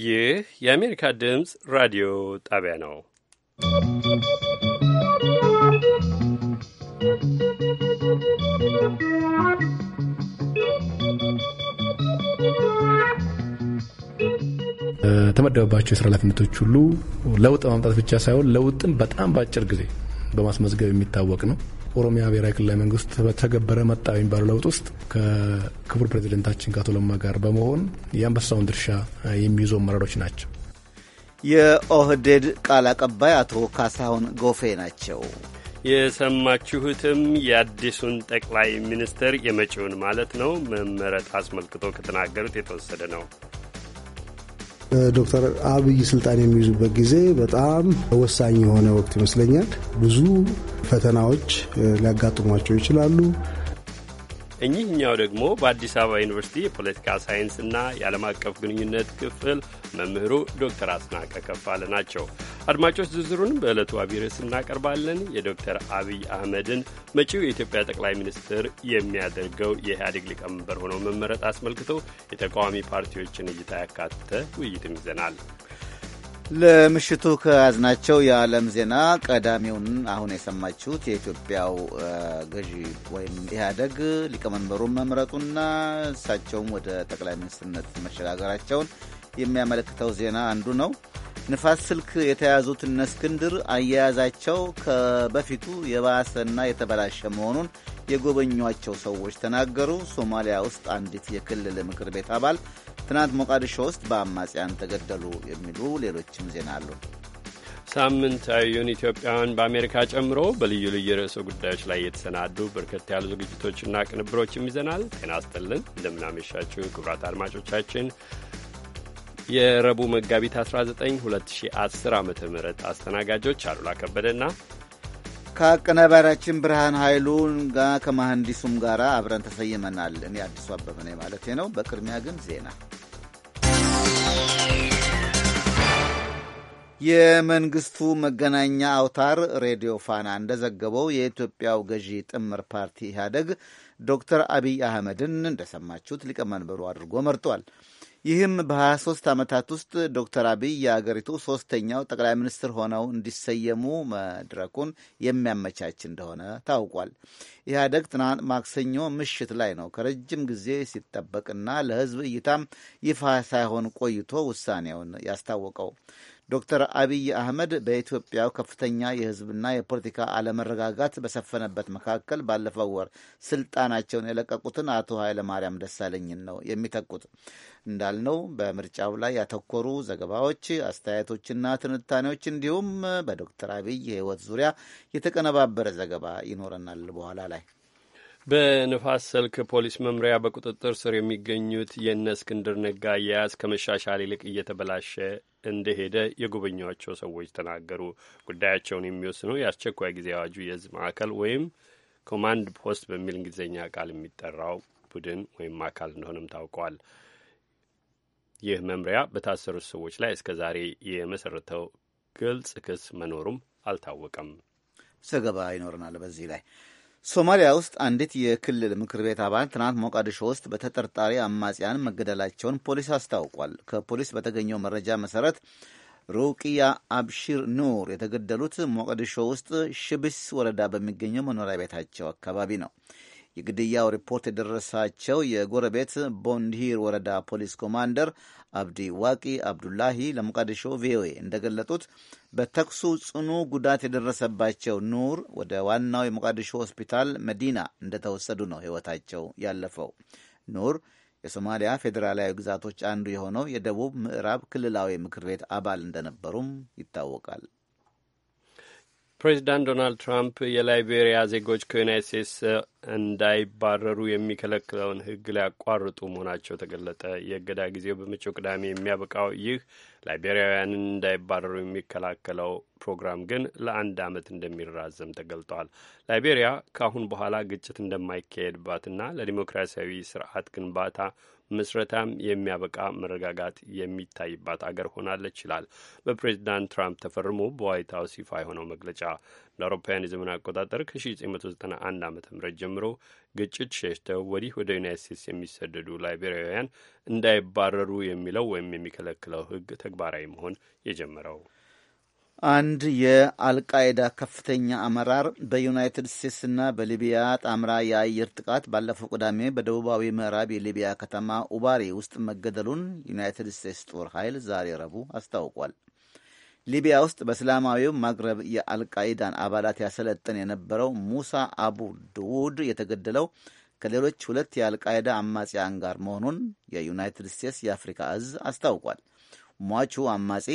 ይህ የአሜሪካ ድምፅ ራዲዮ ጣቢያ ነው። ተመደበባቸው የስራ ኃላፊነቶች ሁሉ ለውጥ ማምጣት ብቻ ሳይሆን ለውጥን በጣም በአጭር ጊዜ በማስመዝገብ የሚታወቅ ነው። ኦሮሚያ ብሔራዊ ክልላዊ መንግስት በተገበረ መጣ የሚባለው ለውጥ ውስጥ ከክቡር ፕሬዚደንታችን ከአቶ ለማ ጋር በመሆን የአንበሳውን ድርሻ የሚይዙ አመራሮች ናቸው። የኦህዴድ ቃል አቀባይ አቶ ካሳሁን ጎፌ ናቸው። የሰማችሁትም የአዲሱን ጠቅላይ ሚኒስትር የመጪውን ማለት ነው መመረጥ አስመልክቶ ከተናገሩት የተወሰደ ነው። ዶክተር አብይ ስልጣን የሚይዙበት ጊዜ በጣም ወሳኝ የሆነ ወቅት ይመስለኛል። ብዙ ፈተናዎች ሊያጋጥሟቸው ይችላሉ። እኚህኛው ደግሞ በአዲስ አበባ ዩኒቨርሲቲ የፖለቲካ ሳይንስና የዓለም አቀፍ ግንኙነት ክፍል መምህሩ ዶክተር አስናቀ ከፋለ ናቸው። አድማጮች ዝርዝሩን በዕለቱ አቢርስ እናቀርባለን። የዶክተር አብይ አህመድን መጪው የኢትዮጵያ ጠቅላይ ሚኒስትር የሚያደርገው የኢህአዴግ ሊቀመንበር ሆነው መመረጥ አስመልክቶ የተቃዋሚ ፓርቲዎችን እይታ ያካተተ ውይይትም ይዘናል። ለምሽቱ ከያዝናቸው የዓለም ዜና ቀዳሚውን አሁን የሰማችሁት የኢትዮጵያው ገዢ ወይም ኢህአደግ ሊቀመንበሩን መምረጡና እሳቸውም ወደ ጠቅላይ ሚኒስትርነት መሸጋገራቸውን የሚያመለክተው ዜና አንዱ ነው። ንፋስ ስልክ የተያዙት እነ እስክንድር አያያዛቸው ከበፊቱ የባሰና የተበላሸ መሆኑን የጎበኟቸው ሰዎች ተናገሩ። ሶማሊያ ውስጥ አንዲት የክልል ምክር ቤት አባል ትናንት ሞቃዲሾ ውስጥ በአማጽያን ተገደሉ የሚሉ ሌሎችም ዜና አሉ። ሳምንታዊውን ኢትዮጵያውያን በአሜሪካ ጨምሮ በልዩ ልዩ ርዕሰ ጉዳዮች ላይ የተሰናዱ በርከት ያሉ ዝግጅቶችና ቅንብሮችም ይዘናል። ጤና ይስጥልን፣ እንደምናመሻችሁ ክቡራት አድማጮቻችን የረቡዕ መጋቢት 19 2010 ዓ ም አስተናጋጆች አሉላ ከበደና ከአቀናባሪያችን ብርሃን ኃይሉን ጋር ከመሐንዲሱም ጋር አብረን ተሰይመናል። እኔ አዲሱ አበበ ነኝ ነው። በቅድሚያ ግን ዜና የመንግስቱ መገናኛ አውታር ሬዲዮ ፋና እንደዘገበው የኢትዮጵያው ገዢ ጥምር ፓርቲ ኢህአደግ ዶክተር አብይ አህመድን እንደሰማችሁት ሊቀመንበሩ አድርጎ መርጧል። ይህም በ23 ዓመታት ውስጥ ዶክተር አብይ የአገሪቱ ሶስተኛው ጠቅላይ ሚኒስትር ሆነው እንዲሰየሙ መድረኩን የሚያመቻች እንደሆነ ታውቋል። ኢህአደግ ትናንት ማክሰኞ ምሽት ላይ ነው ከረጅም ጊዜ ሲጠበቅና ለህዝብ እይታም ይፋ ሳይሆን ቆይቶ ውሳኔውን ያስታወቀው። ዶክተር አብይ አህመድ በኢትዮጵያው ከፍተኛ የህዝብና የፖለቲካ አለመረጋጋት በሰፈነበት መካከል ባለፈው ወር ስልጣናቸውን የለቀቁትን አቶ ኃይለማርያም ደሳለኝን ነው የሚተኩት። እንዳልነው በምርጫው ላይ ያተኮሩ ዘገባዎች፣ አስተያየቶችና ትንታኔዎች እንዲሁም በዶክተር አብይ የህይወት ዙሪያ የተቀነባበረ ዘገባ ይኖረናል በኋላ ላይ። በንፋስ ስልክ ፖሊስ መምሪያ በቁጥጥር ስር የሚገኙት የእነ እስክንድር ነጋ አያያዝ ከመሻሻል ይልቅ እየተበላሸ እንደሄደ የጎበኟቸው ሰዎች ተናገሩ። ጉዳያቸውን የሚወስነው የአስቸኳይ ጊዜ አዋጁ የህዝብ ማዕከል ወይም ኮማንድ ፖስት በሚል እንግሊዝኛ ቃል የሚጠራው ቡድን ወይም አካል እንደሆነም ታውቋል። ይህ መምሪያ በታሰሩት ሰዎች ላይ እስከ ዛሬ የመሰረተው ግልጽ ክስ መኖሩም አልታወቀም። ዘገባ ይኖረናል በዚህ ላይ። ሶማሊያ ውስጥ አንዲት የክልል ምክር ቤት አባል ትናንት ሞቃዲሾ ውስጥ በተጠርጣሪ አማጽያን መገደላቸውን ፖሊስ አስታውቋል። ከፖሊስ በተገኘው መረጃ መሰረት ሩቅያ አብሺር ኑር የተገደሉት ሞቃዲሾ ውስጥ ሽብስ ወረዳ በሚገኘው መኖሪያ ቤታቸው አካባቢ ነው። የግድያው ሪፖርት የደረሳቸው የጎረቤት ቦንድሂር ወረዳ ፖሊስ ኮማንደር አብዲ ዋቂ አብዱላሂ ለሞቃዲሾ ቪኦኤ እንደገለጡት በተኩሱ ጽኑ ጉዳት የደረሰባቸው ኑር ወደ ዋናው የሞቃዲሾ ሆስፒታል መዲና እንደተወሰዱ ነው ሕይወታቸው ያለፈው። ኑር የሶማሊያ ፌዴራላዊ ግዛቶች አንዱ የሆነው የደቡብ ምዕራብ ክልላዊ ምክር ቤት አባል እንደነበሩም ይታወቃል። ፕሬዚዳንት ዶናልድ ትራምፕ የላይቤሪያ ዜጎች ከዩናይት ስቴትስ እንዳይባረሩ የሚከለክለውን ሕግ ሊያቋርጡ መሆናቸው ተገለጠ። የእገዳ ጊዜው በመጪው ቅዳሜ የሚያበቃው ይህ ላይቤሪያውያንን እንዳይባረሩ የሚከላከለው ፕሮግራም ግን ለአንድ ዓመት እንደሚራዘም ተገልጧል። ላይቤሪያ ከአሁን በኋላ ግጭት እንደማይካሄድባትና ለዲሞክራሲያዊ ስርዓት ግንባታ ምስረታም የሚያበቃ መረጋጋት የሚታይባት አገር ሆናለች ይላል በፕሬዚዳንት ትራምፕ ተፈርሞ በዋይት ሀውስ ይፋ የሆነው መግለጫ። እንደ አውሮፓውያን የዘመን አቆጣጠር ከ1991 ዓ ም ጀምሮ ግጭት ሸሽተው ወዲህ ወደ ዩናይት ስቴትስ የሚሰደዱ ላይቤሪያውያን እንዳይባረሩ የሚለው ወይም የሚከለክለው ህግ ተግባራዊ መሆን የጀመረው አንድ የአልቃይዳ ከፍተኛ አመራር በዩናይትድ ስቴትስና በሊቢያ ጣምራ የአየር ጥቃት ባለፈው ቅዳሜ በደቡባዊ ምዕራብ የሊቢያ ከተማ ኡባሪ ውስጥ መገደሉን ዩናይትድ ስቴትስ ጦር ኃይል ዛሬ ረቡዕ አስታውቋል። ሊቢያ ውስጥ በእስላማዊው ማግረብ የአልቃይዳን አባላት ያሰለጥን የነበረው ሙሳ አቡ ድውድ የተገደለው ከሌሎች ሁለት የአልቃይዳ አማጽያን ጋር መሆኑን የዩናይትድ ስቴትስ የአፍሪካ እዝ አስታውቋል። ሟቹ አማጺ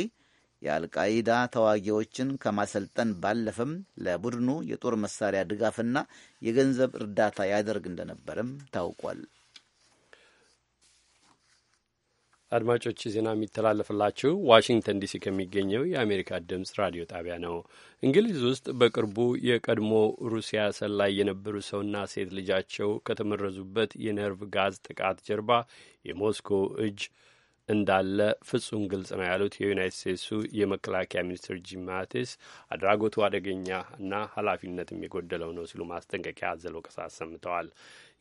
የአልቃይዳ ተዋጊዎችን ከማሰልጠን ባለፈም ለቡድኑ የጦር መሳሪያ ድጋፍና የገንዘብ እርዳታ ያደርግ እንደነበረም ታውቋል። አድማጮች ዜና የሚተላለፍላችሁ ዋሽንግተን ዲሲ ከሚገኘው የአሜሪካ ድምፅ ራዲዮ ጣቢያ ነው። እንግሊዝ ውስጥ በቅርቡ የቀድሞ ሩሲያ ሰላይ የነበሩ ሰውና ሴት ልጃቸው ከተመረዙበት የነርቭ ጋዝ ጥቃት ጀርባ የሞስኮ እጅ እንዳለ ፍጹም ግልጽ ነው ያሉት የዩናይት ስቴትሱ የመከላከያ ሚኒስትር ጂም ማቲስ አድራጎቱ አደገኛ እና ኃላፊነትም የጎደለው ነው ሲሉ ማስጠንቀቂያ አዘል ወቀሳ አሰምተዋል።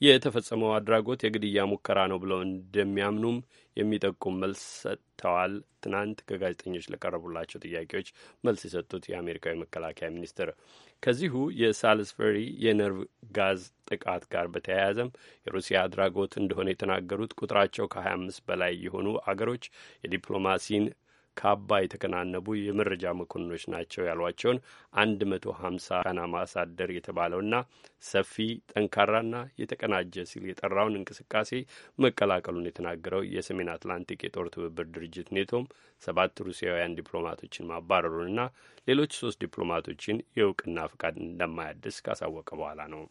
የተፈጸመው አድራጎት የግድያ ሙከራ ነው ብለው እንደሚያምኑም የሚጠቁም መልስ ሰጥተዋል። ትናንት ከጋዜጠኞች ለቀረቡላቸው ጥያቄዎች መልስ የሰጡት የአሜሪካዊ መከላከያ ሚኒስትር ከዚሁ የሳልስበሪ የነርቭ ጋዝ ጥቃት ጋር በተያያዘም የሩሲያ አድራጎት እንደሆነ የተናገሩት ቁጥራቸው ከ25 በላይ የሆኑ አገሮች የዲፕሎማሲን ካባ የተከናነቡ የመረጃ መኮንኖች ናቸው ያሏቸውን አንድ መቶ ሀምሳ ቃና ማሳደር የተባለውና ሰፊ ጠንካራና የተቀናጀ ሲል የጠራውን እንቅስቃሴ መቀላቀሉን የተናገረው የሰሜን አትላንቲክ የጦር ትብብር ድርጅት ኔቶም ሰባት ሩሲያውያን ዲፕሎማቶችን ማባረሩንና ሌሎች ሶስት ዲፕሎማቶችን የእውቅና ፍቃድ እንደማያድስ ካሳወቀ በኋላ ነው።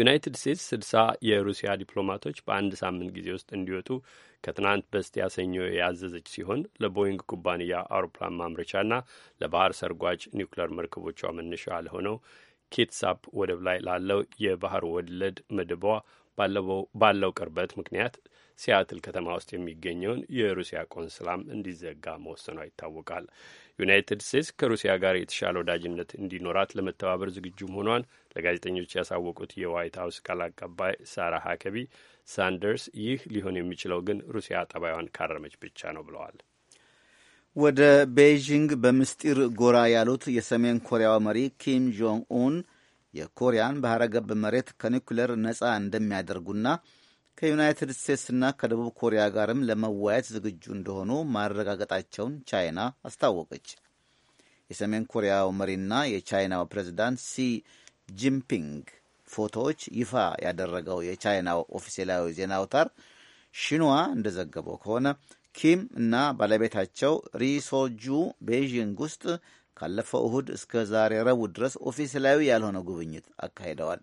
ዩናይትድ ስቴትስ ስድሳ የሩሲያ ዲፕሎማቶች በአንድ ሳምንት ጊዜ ውስጥ እንዲወጡ ከትናንት በስቲያ ሰኞ ያዘዘች ሲሆን ለቦይንግ ኩባንያ አውሮፕላን ማምረቻና ለባህር ሰርጓጅ ኒውክሌር መርከቦቿ መነሻ ለሆነው ኬትሳፕ ወደብ ላይ ላለው የባህር ወለድ መደቧ ባለው ቅርበት ምክንያት ሲያትል ከተማ ውስጥ የሚገኘውን የሩሲያ ቆንስላም እንዲዘጋ መወሰኗ ይታወቃል። ዩናይትድ ስቴትስ ከሩሲያ ጋር የተሻለ ወዳጅነት እንዲኖራት ለመተባበር ዝግጁ መሆኗን ለጋዜጠኞች ያሳወቁት የዋይት ሀውስ ቃል አቀባይ ሳራ ሀከቢ ሳንደርስ ይህ ሊሆን የሚችለው ግን ሩሲያ ጠባዋን ካረመች ብቻ ነው ብለዋል። ወደ ቤይዥንግ በምስጢር ጎራ ያሉት የሰሜን ኮሪያው መሪ ኪም ጆንግ ኡን የኮሪያን ባህረ ገብ መሬት ከኒኩሌር ነፃ እንደሚያደርጉና ከዩናይትድ ስቴትስና ከደቡብ ኮሪያ ጋርም ለመወያየት ዝግጁ እንደሆኑ ማረጋገጣቸውን ቻይና አስታወቀች። የሰሜን ኮሪያው መሪና የቻይናው ፕሬዚዳንት ሲ ጂንፒንግ ፎቶዎች ይፋ ያደረገው የቻይና ኦፊሴላዊ ዜና አውታር ሽንዋ እንደዘገበው ከሆነ ኪም እና ባለቤታቸው ሪሶጁ ቤዥንግ ውስጥ ካለፈው እሁድ እስከ ዛሬ ረቡዕ ድረስ ኦፊሴላዊ ያልሆነ ጉብኝት አካሂደዋል።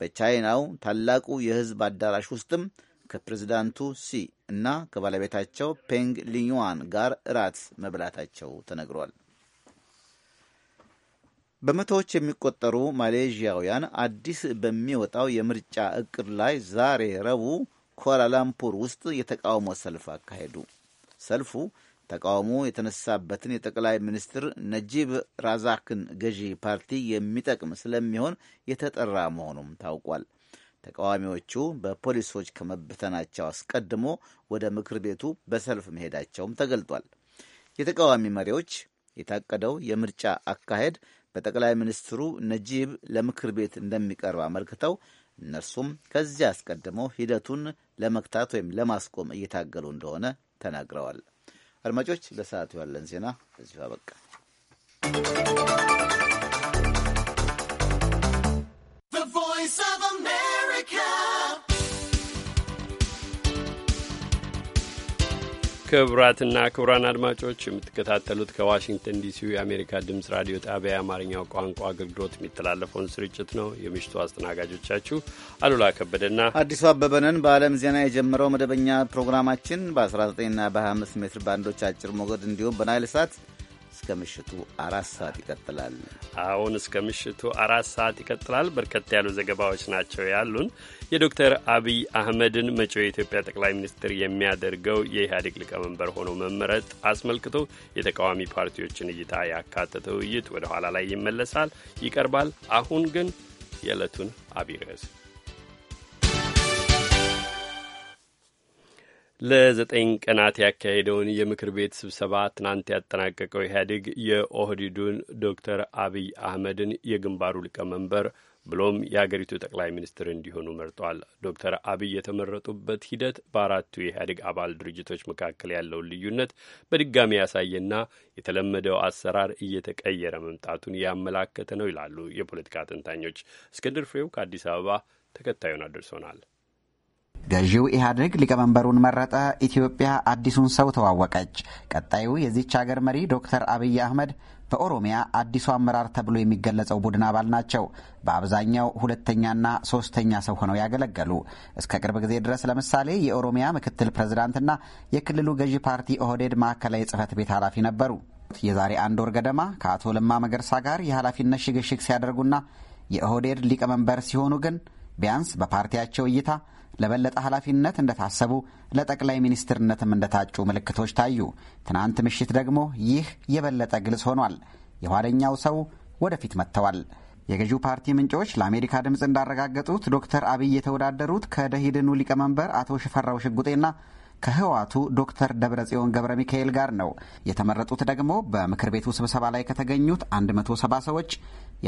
በቻይናው ታላቁ የሕዝብ አዳራሽ ውስጥም ከፕሬዝዳንቱ ሲ እና ከባለቤታቸው ፔንግ ሊዩዋን ጋር እራት መብላታቸው ተነግሯል። በመቶዎች የሚቆጠሩ ማሌዥያውያን አዲስ በሚወጣው የምርጫ እቅድ ላይ ዛሬ ረቡዕ ኳላላምፑር ውስጥ የተቃውሞ ሰልፍ አካሄዱ። ሰልፉ ተቃውሞ የተነሳበትን የጠቅላይ ሚኒስትር ነጂብ ራዛክን ገዢ ፓርቲ የሚጠቅም ስለሚሆን የተጠራ መሆኑም ታውቋል። ተቃዋሚዎቹ በፖሊሶች ከመበተናቸው አስቀድሞ ወደ ምክር ቤቱ በሰልፍ መሄዳቸውም ተገልጧል። የተቃዋሚ መሪዎች የታቀደው የምርጫ አካሄድ በጠቅላይ ሚኒስትሩ ነጂብ ለምክር ቤት እንደሚቀርብ አመልክተው እነርሱም ከዚህ አስቀድመው ሂደቱን ለመክታት ወይም ለማስቆም እየታገሉ እንደሆነ ተናግረዋል። አድማጮች፣ ለሰዓቱ ያለን ዜና በዚሁ አበቃ። ክቡራትና ክቡራን አድማጮች የምትከታተሉት ከዋሽንግተን ዲሲ የአሜሪካ ድምፅ ራዲዮ ጣቢያ የአማርኛው ቋንቋ አገልግሎት የሚተላለፈውን ስርጭት ነው። የምሽቱ አስተናጋጆቻችሁ አሉላ ከበደና አዲሱ አበበንን በዓለም ዜና የጀመረው መደበኛ ፕሮግራማችን በ19ና በ25 ሜትር ባንዶች አጭር ሞገድ እንዲሁም በናይል ሳት እስከ ምሽቱ አራት ሰዓት ይቀጥላል። አሁን እስከ ምሽቱ አራት ሰዓት ይቀጥላል። በርከት ያሉ ዘገባዎች ናቸው ያሉን። የዶክተር አብይ አህመድን መጪው የኢትዮጵያ ጠቅላይ ሚኒስትር የሚያደርገው የኢህአዴግ ሊቀመንበር ሆኖ መመረጥ አስመልክቶ የተቃዋሚ ፓርቲዎችን እይታ ያካተተ ውይይት ወደ ኋላ ላይ ይመለሳል ይቀርባል። አሁን ግን የዕለቱን አብይ ርዕስ ለዘጠኝ ቀናት ያካሄደውን የምክር ቤት ስብሰባ ትናንት ያጠናቀቀው ኢህአዴግ የኦህዲዱን ዶክተር አብይ አህመድን የግንባሩ ሊቀመንበር ብሎም የአገሪቱ ጠቅላይ ሚኒስትር እንዲሆኑ መርጧል። ዶክተር አብይ የተመረጡበት ሂደት በአራቱ የኢህአዴግ አባል ድርጅቶች መካከል ያለውን ልዩነት በድጋሚ ያሳየና የተለመደው አሰራር እየተቀየረ መምጣቱን ያመላከተ ነው ይላሉ የፖለቲካ ተንታኞች። እስክንድር ፍሬው ከአዲስ አበባ ተከታዩን አድርሶናል። ገዢው ኢህአዴግ ሊቀመንበሩን መረጠ። ኢትዮጵያ አዲሱን ሰው ተዋወቀች። ቀጣዩ የዚች ሀገር መሪ ዶክተር አብይ አህመድ በኦሮሚያ አዲሱ አመራር ተብሎ የሚገለጸው ቡድን አባል ናቸው። በአብዛኛው ሁለተኛና ሶስተኛ ሰው ሆነው ያገለገሉ እስከ ቅርብ ጊዜ ድረስ ለምሳሌ የኦሮሚያ ምክትል ፕሬዝዳንትና የክልሉ ገዢ ፓርቲ ኦህዴድ ማዕከላዊ ጽህፈት ቤት ኃላፊ ነበሩ። የዛሬ አንድ ወር ገደማ ከአቶ ለማ መገርሳ ጋር የኃላፊነት ሽግሽግ ሲያደርጉና የኦህዴድ ሊቀመንበር ሲሆኑ ግን ቢያንስ በፓርቲያቸው እይታ ለበለጠ ኃላፊነት እንደታሰቡ ለጠቅላይ ሚኒስትርነትም እንደታጩ ምልክቶች ታዩ። ትናንት ምሽት ደግሞ ይህ የበለጠ ግልጽ ሆኗል። የኋለኛው ሰው ወደፊት መጥተዋል። የገዢው ፓርቲ ምንጮች ለአሜሪካ ድምፅ እንዳረጋገጡት ዶክተር አብይ የተወዳደሩት ከደሂድኑ ሊቀመንበር አቶ ሽፈራው ሽጉጤና ከህወሓቱ ዶክተር ደብረጽዮን ገብረ ሚካኤል ጋር ነው። የተመረጡት ደግሞ በምክር ቤቱ ስብሰባ ላይ ከተገኙት 170 ሰዎች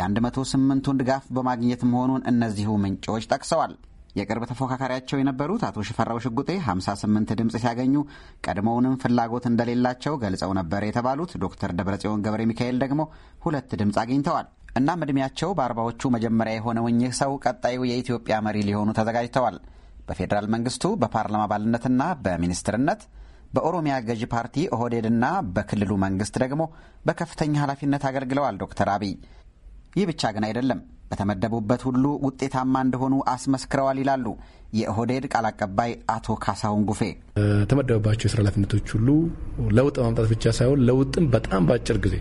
የ108ቱን ድጋፍ በማግኘት መሆኑን እነዚሁ ምንጮች ጠቅሰዋል። የቅርብ ተፎካካሪያቸው የነበሩት አቶ ሽፈራው ሽጉጤ 58 ድምፅ ሲያገኙ ቀድሞውንም ፍላጎት እንደሌላቸው ገልጸው ነበር የተባሉት ዶክተር ደብረጽዮን ገብረ ሚካኤል ደግሞ ሁለት ድምፅ አግኝተዋል። እናም እድሜያቸው በአርባዎቹ መጀመሪያ የሆነው እኚህ ሰው ቀጣዩ የኢትዮጵያ መሪ ሊሆኑ ተዘጋጅተዋል። በፌዴራል መንግስቱ በፓርላማ አባልነትና በሚኒስትርነት በኦሮሚያ ገዢ ፓርቲ ኦህዴድና በክልሉ መንግስት ደግሞ በከፍተኛ ኃላፊነት አገልግለዋል ዶክተር አብይ። ይህ ብቻ ግን አይደለም። በተመደቡበት ሁሉ ውጤታማ እንደሆኑ አስመስክረዋል ይላሉ የኦህዴድ ቃል አቀባይ አቶ ካሳሁን ጉፌ። ተመደበባቸው የስራ ኃላፊነቶች ሁሉ ለውጥ ማምጣት ብቻ ሳይሆን ለውጥን በጣም በአጭር ጊዜ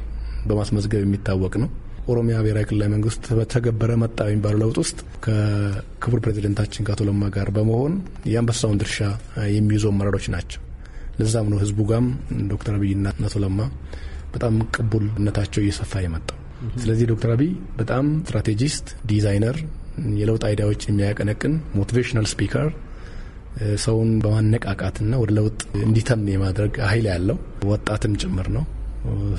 በማስመዝገብ የሚታወቅ ነው። ኦሮሚያ ብሔራዊ ክልላዊ መንግስት በተገበረ መጣ የሚባለው ለውጥ ውስጥ ከክቡር ፕሬዚደንታችን ከአቶ ለማ ጋር በመሆን የአንበሳውን ድርሻ የሚይዙ አመራሮች ናቸው። ለዛም ነው ህዝቡ ጋም ዶክተር አብይና አቶ ለማ በጣም ቅቡልነታቸው እየሰፋ የመጣው። ስለዚህ ዶክተር አብይ በጣም ስትራቴጂስት፣ ዲዛይነር፣ የለውጥ አይዲያዎች የሚያቀነቅን ሞቲቬሽናል ስፒከር ሰውን በማነቃቃትና ወደ ለውጥ እንዲተም የማድረግ ኃይል ያለው ወጣትም ጭምር ነው።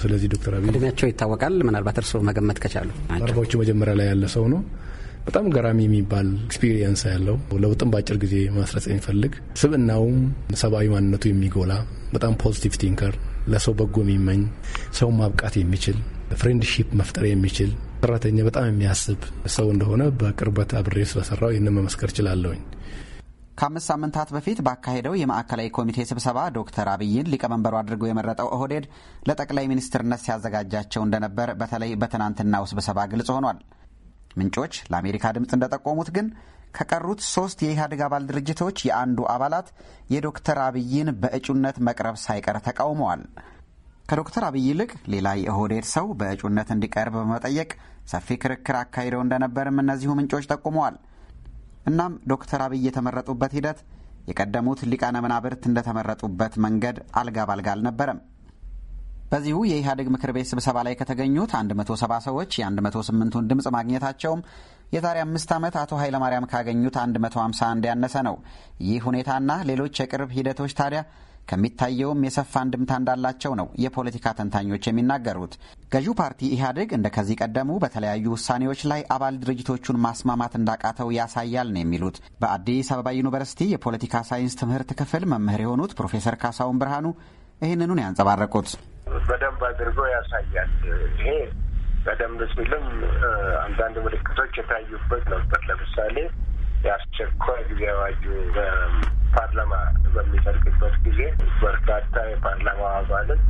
ስለዚህ ዶክተር አብይ እድሜያቸው ይታወቃል። ምናልባት እርስዎ መገመት ከቻሉ አርባዎቹ መጀመሪያ ላይ ያለ ሰው ነው። በጣም ገራሚ የሚባል ኤክስፒሪየንስ ያለው ለውጥም በአጭር ጊዜ ማስረጽ የሚፈልግ ስብዕናውም ሰብአዊ ማንነቱ የሚጎላ በጣም ፖዚቲቭ ቲንከር፣ ለሰው በጎ የሚመኝ፣ ሰውን ማብቃት የሚችል ፍሬንድሺፕ መፍጠር የሚችል ሰራተኛ በጣም የሚያስብ ሰው እንደሆነ በቅርበት አብሬ ስለሰራው ይህንን መመስከር ችላለሁኝ። ከአምስት ሳምንታት በፊት ባካሄደው የማዕከላዊ ኮሚቴ ስብሰባ ዶክተር አብይን ሊቀመንበሩ አድርገው የመረጠው ኦህዴድ ለጠቅላይ ሚኒስትርነት ሲያዘጋጃቸው እንደነበር በተለይ በትናንትናው ስብሰባ ግልጽ ሆኗል። ምንጮች ለአሜሪካ ድምፅ እንደጠቆሙት ግን ከቀሩት ሶስት የኢህአዴግ አባል ድርጅቶች የአንዱ አባላት የዶክተር አብይን በእጩነት መቅረብ ሳይቀር ተቃውመዋል። ከዶክተር አብይ ይልቅ ሌላ የኦህዴድ ሰው በእጩነት እንዲቀርብ በመጠየቅ ሰፊ ክርክር አካሂደው እንደነበርም እነዚሁ ምንጮች ጠቁመዋል። እናም ዶክተር አብይ የተመረጡበት ሂደት የቀደሙት ሊቃነ መናብርት እንደተመረጡበት መንገድ አልጋ ባልጋ አልነበረም። በዚሁ የኢህአዴግ ምክር ቤት ስብሰባ ላይ ከተገኙት 170 ሰዎች የ108ቱን ድምፅ ማግኘታቸውም የዛሬ አምስት ዓመት አቶ ኃይለማርያም ካገኙት 151 ያነሰ ነው። ይህ ሁኔታና ሌሎች የቅርብ ሂደቶች ታዲያ ከሚታየውም የሰፋ አንድምታ እንዳላቸው ነው የፖለቲካ ተንታኞች የሚናገሩት። ገዢው ፓርቲ ኢህአዴግ እንደ ከዚህ ቀደሙ በተለያዩ ውሳኔዎች ላይ አባል ድርጅቶቹን ማስማማት እንዳቃተው ያሳያል ነው የሚሉት በአዲስ አበባ ዩኒቨርሲቲ የፖለቲካ ሳይንስ ትምህርት ክፍል መምህር የሆኑት ፕሮፌሰር ካሳሁን ብርሃኑ ይህንኑን ያንጸባረቁት በደንብ አድርጎ ያሳያል። ይሄ በደንብ ሲልም አንዳንድ ምልክቶች የታዩበት ነበር። ለምሳሌ የአስቸኳይ ጊዜ አዋጁ ፓርላማ በሚጠርቅበት ጊዜ በርካታ የፓርላማ አባሎች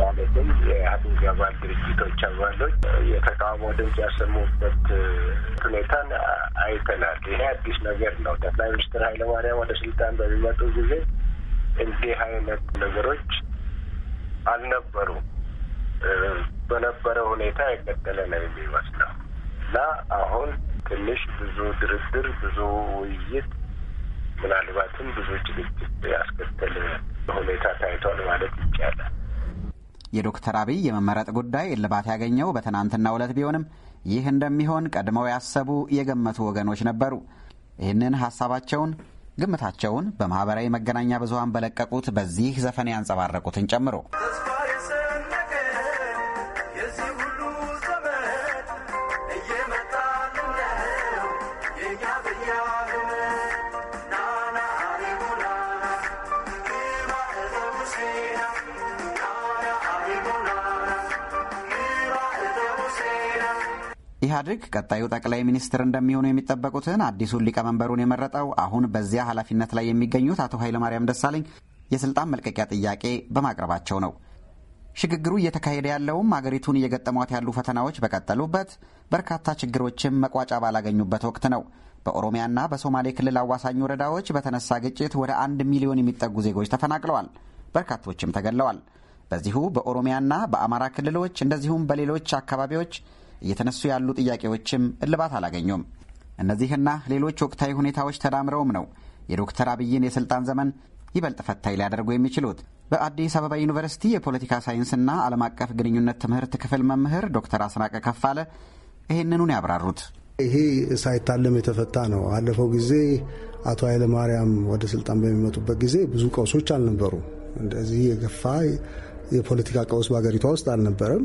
ማለትም የኢህአዴግ አባል ድርጅቶች አባሎች የተቃውሞ ድምጽ ያሰሙበት ሁኔታን አይተናል። ይሄ አዲስ ነገር ነው። ጠቅላይ ሚኒስትር ኃይለማርያም ወደ ስልጣን በሚመጡ ጊዜ እንዲህ አይነት ነገሮች አልነበሩ። በነበረው ሁኔታ የቀጠለ ነው የሚመስለው እና አሁን ትንሽ ብዙ ድርድር፣ ብዙ ውይይት፣ ምናልባትም ብዙ ጭቅጭቅ ያስከተለ ሁኔታ ታይቷል ማለት ይቻላል። የዶክተር አብይ የመመረጥ ጉዳይ እልባት ያገኘው በትናንትናው ዕለት ቢሆንም ይህ እንደሚሆን ቀድመው ያሰቡ የገመቱ ወገኖች ነበሩ። ይህንን ሀሳባቸውን ግምታቸውን በማህበራዊ መገናኛ ብዙሃን በለቀቁት በዚህ ዘፈን ያንጸባረቁትን ጨምሮ ኢህአዴግ ቀጣዩ ጠቅላይ ሚኒስትር እንደሚሆኑ የሚጠበቁትን አዲሱን ሊቀመንበሩን የመረጠው አሁን በዚያ ኃላፊነት ላይ የሚገኙት አቶ ኃይለማርያም ደሳለኝ የስልጣን መልቀቂያ ጥያቄ በማቅረባቸው ነው። ሽግግሩ እየተካሄደ ያለውም አገሪቱን እየገጠሟት ያሉ ፈተናዎች በቀጠሉበት፣ በርካታ ችግሮችም መቋጫ ባላገኙበት ወቅት ነው። በኦሮሚያና በሶማሌ ክልል አዋሳኝ ወረዳዎች በተነሳ ግጭት ወደ አንድ ሚሊዮን የሚጠጉ ዜጎች ተፈናቅለዋል፣ በርካቶችም ተገለዋል። በዚሁ በኦሮሚያና በአማራ ክልሎች እንደዚሁም በሌሎች አካባቢዎች እየተነሱ ያሉ ጥያቄዎችም እልባት አላገኙም። እነዚህና ሌሎች ወቅታዊ ሁኔታዎች ተዳምረውም ነው የዶክተር አብይን የስልጣን ዘመን ይበልጥ ፈታኝ ሊያደርጉ የሚችሉት። በአዲስ አበባ ዩኒቨርሲቲ የፖለቲካ ሳይንስና ዓለም አቀፍ ግንኙነት ትምህርት ክፍል መምህር ዶክተር አስናቀ ከፋለ ይህንኑን ያብራሩት። ይሄ ሳይታለም የተፈታ ነው። አለፈው ጊዜ አቶ ኃይለ ማርያም ወደ ስልጣን በሚመጡበት ጊዜ ብዙ ቀውሶች አልነበሩ። እንደዚህ የገፋ የፖለቲካ ቀውስ በሀገሪቷ ውስጥ አልነበረም።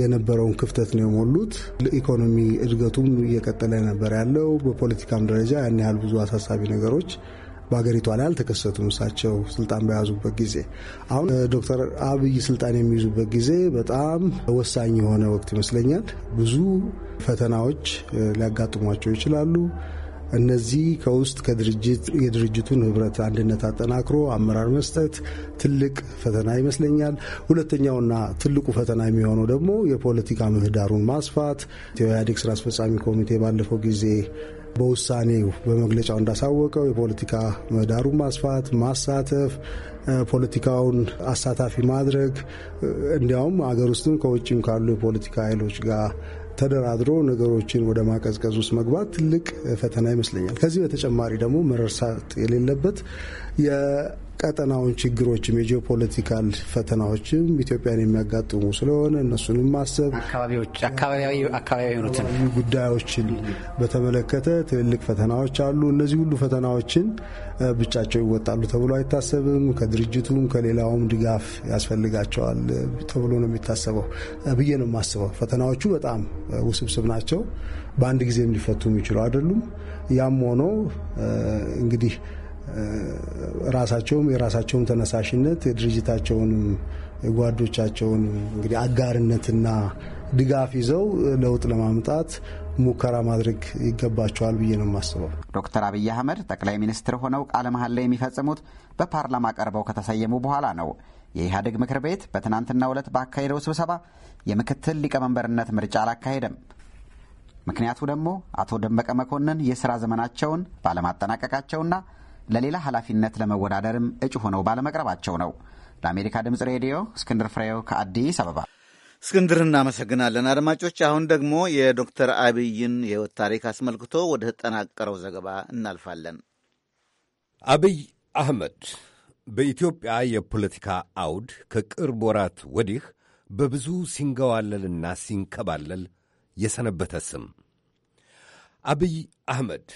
የነበረውን ክፍተት ነው የሞሉት። ኢኮኖሚ እድገቱም እየቀጠለ ነበር ያለው። በፖለቲካም ደረጃ ያን ያህል ብዙ አሳሳቢ ነገሮች በሀገሪቷ ላይ አልተከሰቱም። እሳቸው ስልጣን በያዙበት ጊዜ አሁን ዶክተር አብይ ስልጣን የሚይዙበት ጊዜ በጣም ወሳኝ የሆነ ወቅት ይመስለኛል። ብዙ ፈተናዎች ሊያጋጥሟቸው ይችላሉ። እነዚህ ከውስጥ ከድርጅት የድርጅቱን ህብረት አንድነት አጠናክሮ አመራር መስጠት ትልቅ ፈተና ይመስለኛል። ሁለተኛውና ትልቁ ፈተና የሚሆነው ደግሞ የፖለቲካ ምህዳሩን ማስፋት ኢህአዴግ ስራ አስፈጻሚ ኮሚቴ ባለፈው ጊዜ በውሳኔው በመግለጫው እንዳሳወቀው የፖለቲካ ምህዳሩን ማስፋት፣ ማሳተፍ፣ ፖለቲካውን አሳታፊ ማድረግ እንዲያውም አገር ውስጥም ከውጭም ካሉ የፖለቲካ ኃይሎች ጋር ተደራድሮ ነገሮችን ወደ ማቀዝቀዝ ውስጥ መግባት ትልቅ ፈተና ይመስለኛል። ከዚህ በተጨማሪ ደግሞ መረሳት የሌለበት ቀጠናውን ችግሮችም የጂኦፖለቲካል ፈተናዎችም ኢትዮጵያን የሚያጋጥሙ ስለሆነ እነሱንም ማሰብ አካባቢያዊ ጉዳዮችን በተመለከተ ትልልቅ ፈተናዎች አሉ። እነዚህ ሁሉ ፈተናዎችን ብቻቸው ይወጣሉ ተብሎ አይታሰብም። ከድርጅቱም ከሌላውም ድጋፍ ያስፈልጋቸዋል ተብሎ ነው የሚታሰበው ብዬ ነው የማስበው። ፈተናዎቹ በጣም ውስብስብ ናቸው። በአንድ ጊዜም ሊፈቱ የሚችሉ አይደሉም። ያም ሆኖ እንግዲህ ራሳቸውም የራሳቸውን ተነሳሽነት የድርጅታቸውንም የጓዶቻቸውን እንግዲህ አጋርነትና ድጋፍ ይዘው ለውጥ ለማምጣት ሙከራ ማድረግ ይገባቸዋል ብዬ ነው የማስበው። ዶክተር አብይ አህመድ ጠቅላይ ሚኒስትር ሆነው ቃለ መሐላ ላይ የሚፈጽሙት በፓርላማ ቀርበው ከተሰየሙ በኋላ ነው። የኢህአዴግ ምክር ቤት በትናንትናው ዕለት ባካሄደው ስብሰባ የምክትል ሊቀመንበርነት ምርጫ አላካሄደም። ምክንያቱ ደግሞ አቶ ደመቀ መኮንን የሥራ ዘመናቸውን ባለማጠናቀቃቸውና ለሌላ ኃላፊነት ለመወዳደርም እጩ ሆነው ባለመቅረባቸው ነው። ለአሜሪካ ድምፅ ሬዲዮ እስክንድር ፍሬው ከአዲስ አበባ። እስክንድር እናመሰግናለን። አድማጮች፣ አሁን ደግሞ የዶክተር አብይን የህይወት ታሪክ አስመልክቶ ወደ ተጠናቀረው ዘገባ እናልፋለን። አብይ አህመድ በኢትዮጵያ የፖለቲካ አውድ ከቅርብ ወራት ወዲህ በብዙ ሲንገዋለልና ሲንከባለል የሰነበተ ስም አብይ አህመድ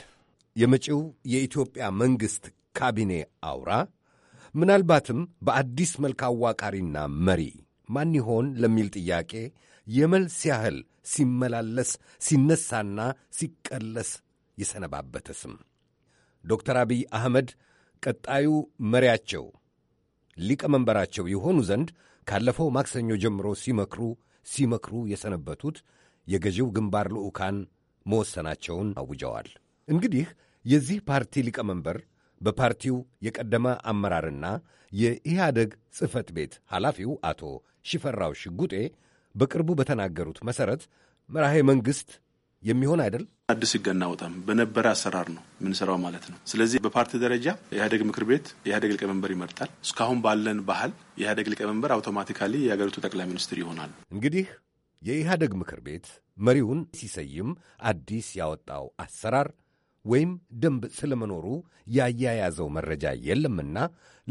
የመጪው የኢትዮጵያ መንግሥት ካቢኔ አውራ ምናልባትም በአዲስ መልክ አዋቃሪና መሪ ማን ይሆን ለሚል ጥያቄ የመልስ ያህል ሲመላለስ ሲነሳና ሲቀለስ የሰነባበተ ስም ዶክተር አብይ አህመድ ቀጣዩ መሪያቸው ሊቀመንበራቸው የሆኑ ዘንድ ካለፈው ማክሰኞ ጀምሮ ሲመክሩ ሲመክሩ የሰነበቱት የገዢው ግንባር ልዑካን መወሰናቸውን አውጀዋል። እንግዲህ የዚህ ፓርቲ ሊቀመንበር በፓርቲው የቀደመ አመራርና የኢህአደግ ጽህፈት ቤት ኃላፊው አቶ ሽፈራው ሽጉጤ በቅርቡ በተናገሩት መሠረት መራሄ መንግሥት የሚሆን አይደል? አዲስ ሕግ አናወጣም። በነበረ አሰራር ነው የምንሰራው ማለት ነው። ስለዚህ በፓርቲ ደረጃ የኢህአዴግ ምክር ቤት የኢህአዴግ ሊቀመንበር ይመርጣል። እስካሁን ባለን ባህል የኢህአዴግ ሊቀመንበር አውቶማቲካሊ የሀገሪቱ ጠቅላይ ሚኒስትር ይሆናል። እንግዲህ የኢህአደግ ምክር ቤት መሪውን ሲሰይም አዲስ ያወጣው አሰራር ወይም ደንብ ስለመኖሩ ያያያዘው መረጃ የለምና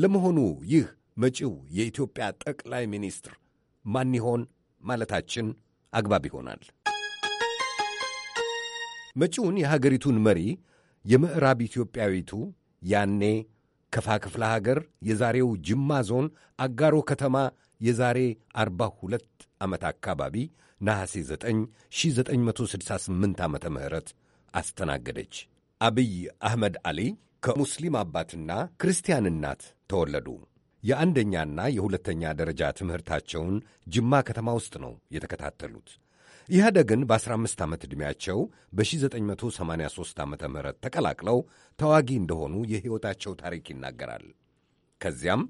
ለመሆኑ ይህ መጪው የኢትዮጵያ ጠቅላይ ሚኒስትር ማን ይሆን ማለታችን አግባብ ይሆናል። መጪውን የሀገሪቱን መሪ የምዕራብ ኢትዮጵያዊቱ ያኔ ከፋ ክፍለ ሀገር የዛሬው ጅማ ዞን አጋሮ ከተማ የዛሬ 42 ዓመት አካባቢ ነሐሴ 9 1968 ዓ ም አስተናገደች። አብይ አህመድ አሊ ከሙስሊም አባትና ክርስቲያን እናት ተወለዱ። የአንደኛና የሁለተኛ ደረጃ ትምህርታቸውን ጅማ ከተማ ውስጥ ነው የተከታተሉት። ኢህአደግን በ15 ዓመት ዕድሜያቸው በ1983 ዓ ም ተቀላቅለው ተዋጊ እንደሆኑ የሕይወታቸው ታሪክ ይናገራል። ከዚያም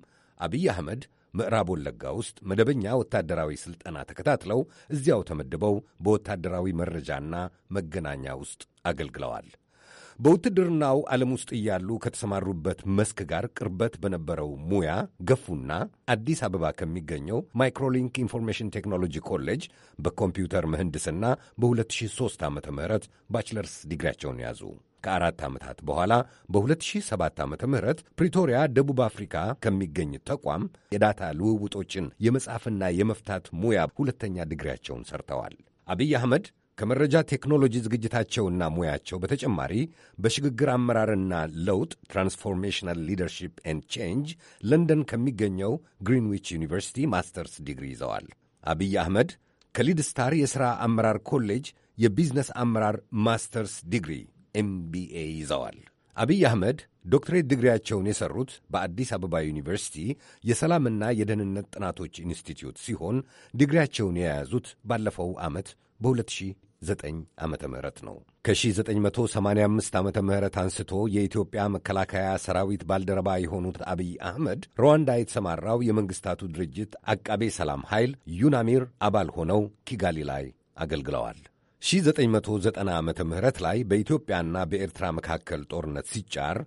አብይ አህመድ ምዕራብ ወለጋ ውስጥ መደበኛ ወታደራዊ ሥልጠና ተከታትለው እዚያው ተመድበው በወታደራዊ መረጃና መገናኛ ውስጥ አገልግለዋል። በውትድርናው ዓለም ውስጥ እያሉ ከተሰማሩበት መስክ ጋር ቅርበት በነበረው ሙያ ገፉና አዲስ አበባ ከሚገኘው ማይክሮሊንክ ኢንፎርሜሽን ቴክኖሎጂ ኮሌጅ በኮምፒውተር ምህንድስና በ2003 ዓ ም ባችለርስ ዲግሪያቸውን ያዙ። ከአራት ዓመታት በኋላ በ2007 ዓ ም ፕሪቶሪያ ደቡብ አፍሪካ ከሚገኝ ተቋም የዳታ ልውውጦችን የመጻፍና የመፍታት ሙያ ሁለተኛ ዲግሪያቸውን ሰርተዋል። አብይ አህመድ ከመረጃ ቴክኖሎጂ ዝግጅታቸውና ሙያቸው በተጨማሪ በሽግግር አመራርና ለውጥ ትራንስፎርሜሽናል ሊደርሺፕ ኤንድ ቼንጅ ለንደን ከሚገኘው ግሪንዊች ዩኒቨርሲቲ ማስተርስ ዲግሪ ይዘዋል። አብይ አህመድ ከሊድ ስታር የሥራ አመራር ኮሌጅ የቢዝነስ አመራር ማስተርስ ዲግሪ ኤምቢኤ ይዘዋል። አብይ አህመድ ዶክትሬት ዲግሪያቸውን የሰሩት በአዲስ አበባ ዩኒቨርሲቲ የሰላምና የደህንነት ጥናቶች ኢንስቲትዩት ሲሆን ዲግሪያቸውን የያዙት ባለፈው ዓመት በ2009 ዓ ም ነው። ከ1985 ዓ ም አንስቶ የኢትዮጵያ መከላከያ ሰራዊት ባልደረባ የሆኑት አብይ አህመድ ሩዋንዳ የተሰማራው የመንግስታቱ ድርጅት አቃቤ ሰላም ኃይል ዩናሚር አባል ሆነው ኪጋሊ ላይ አገልግለዋል። 1990 ዓመተ ምህረት ላይ በኢትዮጵያና በኤርትራ መካከል ጦርነት ሲጫር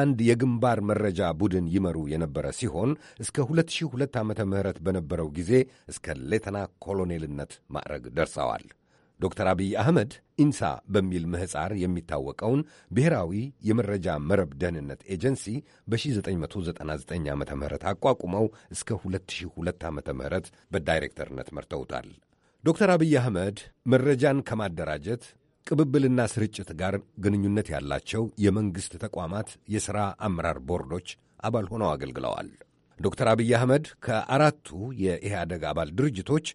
አንድ የግንባር መረጃ ቡድን ይመሩ የነበረ ሲሆን እስከ 2002 ዓ ምህረት በነበረው ጊዜ እስከ ሌተና ኮሎኔልነት ማዕረግ ደርሰዋል። ዶክተር አብይ አህመድ ኢንሳ በሚል ምህፃር የሚታወቀውን ብሔራዊ የመረጃ መረብ ደህንነት ኤጀንሲ በ1999 ዓ ም አቋቁመው እስከ 2002 ዓ ም በዳይሬክተርነት መርተውታል። ዶክተር አብይ አህመድ መረጃን ከማደራጀት ቅብብልና ስርጭት ጋር ግንኙነት ያላቸው የመንግሥት ተቋማት የሥራ አመራር ቦርዶች አባል ሆነው አገልግለዋል። ዶክተር አብይ አህመድ ከአራቱ የኢህአደግ አባል ድርጅቶች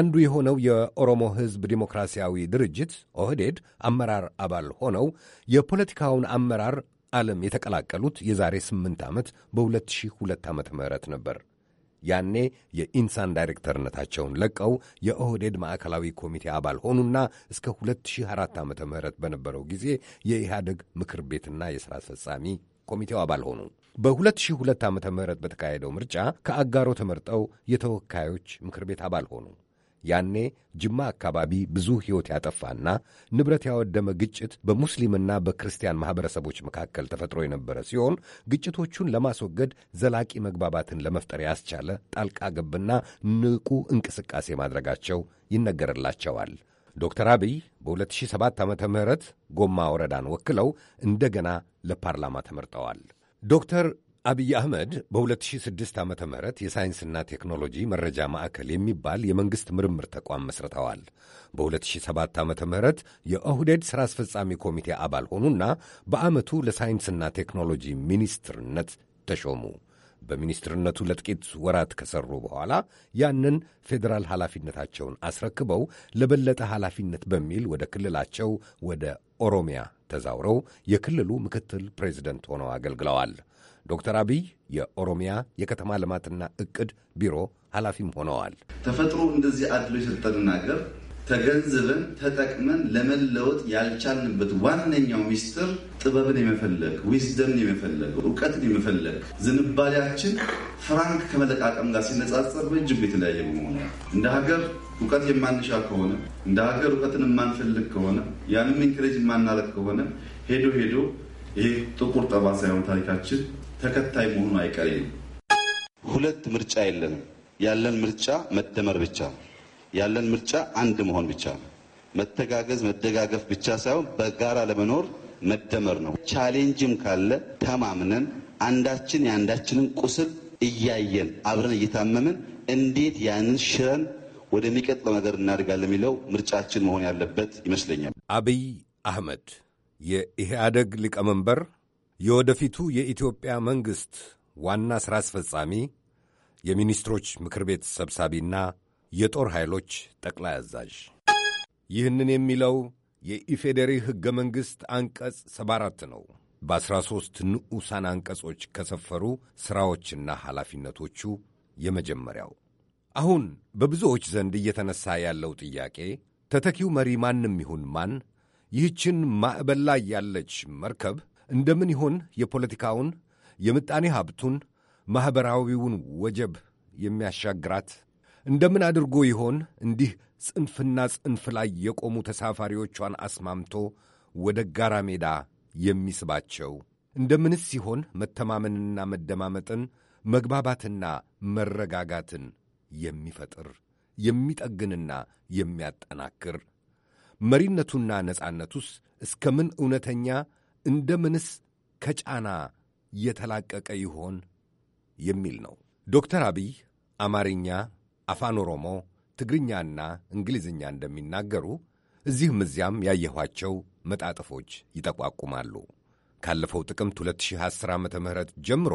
አንዱ የሆነው የኦሮሞ ሕዝብ ዲሞክራሲያዊ ድርጅት ኦህዴድ አመራር አባል ሆነው የፖለቲካውን አመራር ዓለም የተቀላቀሉት የዛሬ ስምንት ዓመት በ2002 ዓ ም ነበር። ያኔ የኢንሳን ዳይሬክተርነታቸውን ለቀው የኦህዴድ ማዕከላዊ ኮሚቴ አባል ሆኑና እስከ 2004 ዓ ም በነበረው ጊዜ የኢህአደግ ምክር ቤትና የሥራ አስፈጻሚ ኮሚቴው አባል ሆኑ። በ2002 ዓ ም በተካሄደው ምርጫ ከአጋሮ ተመርጠው የተወካዮች ምክር ቤት አባል ሆኑ። ያኔ ጅማ አካባቢ ብዙ ሕይወት ያጠፋና ንብረት ያወደመ ግጭት በሙስሊምና በክርስቲያን ማኅበረሰቦች መካከል ተፈጥሮ የነበረ ሲሆን ግጭቶቹን ለማስወገድ ዘላቂ መግባባትን ለመፍጠር ያስቻለ ጣልቃ ገብና ንቁ እንቅስቃሴ ማድረጋቸው ይነገርላቸዋል። ዶክተር አብይ በ2007 ዓ ም ጎማ ወረዳን ወክለው እንደገና ለፓርላማ ተመርጠዋል። ዶክተር አብይ አህመድ በ2006 ዓ ም የሳይንስና ቴክኖሎጂ መረጃ ማዕከል የሚባል የመንግሥት ምርምር ተቋም መስርተዋል። በ2007 ዓ ም የኦህዴድ ሥራ አስፈጻሚ ኮሚቴ አባል ሆኑና በዓመቱ ለሳይንስና ቴክኖሎጂ ሚኒስትርነት ተሾሙ። በሚኒስትርነቱ ለጥቂት ወራት ከሠሩ በኋላ ያንን ፌዴራል ኃላፊነታቸውን አስረክበው ለበለጠ ኃላፊነት በሚል ወደ ክልላቸው ወደ ኦሮሚያ ተዛውረው የክልሉ ምክትል ፕሬዚደንት ሆነው አገልግለዋል። ዶክተር አብይ የኦሮሚያ የከተማ ልማትና እቅድ ቢሮ ኃላፊም ሆነዋል። ተፈጥሮ እንደዚህ አድሎ የሰጠንን ሀገር ተገንዝበን ተጠቅመን ለመለወጥ ያልቻልንበት ዋነኛው ሚስጥር ጥበብን የመፈለግ ዊዝደምን የመፈለግ እውቀትን የመፈለግ ዝንባሌያችን ፍራንክ ከመለቃቀም ጋር ሲነጻጸር በእጅጉ የተለያየ በመሆኑ እንደ ሀገር እውቀት የማንሻ ከሆነ እንደ ሀገር እውቀትን የማንፈልግ ከሆነ ያንም ኢንክሬጅ የማናረግ ከሆነ ሄዶ ሄዶ ይህ ጥቁር ጠባ ሳይሆን ታሪካችን ተከታይ መሆኑ አይቀሬ ነው። ሁለት ምርጫ የለንም። ያለን ምርጫ መደመር ብቻ ነው። ያለን ምርጫ አንድ መሆን ብቻ ነው። መተጋገዝ፣ መደጋገፍ ብቻ ሳይሆን በጋራ ለመኖር መደመር ነው። ቻሌንጅም ካለ ተማምነን አንዳችን የአንዳችንን ቁስል እያየን አብረን እየታመምን እንዴት ያንን ሽረን ወደሚቀጥለው ነገር እናድጋለን የሚለው ምርጫችን መሆን ያለበት ይመስለኛል። አብይ አህመድ የኢህአደግ ሊቀመንበር የወደፊቱ የኢትዮጵያ መንግሥት ዋና ሥራ አስፈጻሚ የሚኒስትሮች ምክር ቤት ሰብሳቢና የጦር ኃይሎች ጠቅላይ አዛዥ ይህንን የሚለው የኢፌዴሪ ሕገ መንግሥት አንቀጽ 74 ነው። በ13 ንዑሳን አንቀጾች ከሰፈሩ ሥራዎችና ኃላፊነቶቹ የመጀመሪያው። አሁን በብዙዎች ዘንድ እየተነሣ ያለው ጥያቄ ተተኪው መሪ ማንም ይሁን ማን ይህችን ማዕበል ላይ ያለች መርከብ እንደምን ይሆን የፖለቲካውን የምጣኔ ሀብቱን ማኅበራዊውን ወጀብ የሚያሻግራት? እንደምን አድርጎ ይሆን እንዲህ ጽንፍና ጽንፍ ላይ የቆሙ ተሳፋሪዎቿን አስማምቶ ወደ ጋራ ሜዳ የሚስባቸው? እንደምንስ ሲሆን መተማመንና መደማመጥን መግባባትና መረጋጋትን የሚፈጥር የሚጠግንና የሚያጠናክር መሪነቱና ነጻነቱስ እስከ ምን እውነተኛ እንደምንስ ከጫና የተላቀቀ ይሆን የሚል ነው። ዶክተር አብይ አማርኛ፣ አፋን ኦሮሞ፣ ትግርኛና እንግሊዝኛ እንደሚናገሩ እዚህም እዚያም ያየኋቸው መጣጥፎች ይጠቋቁማሉ። ካለፈው ጥቅምት 2010 ዓ ም ጀምሮ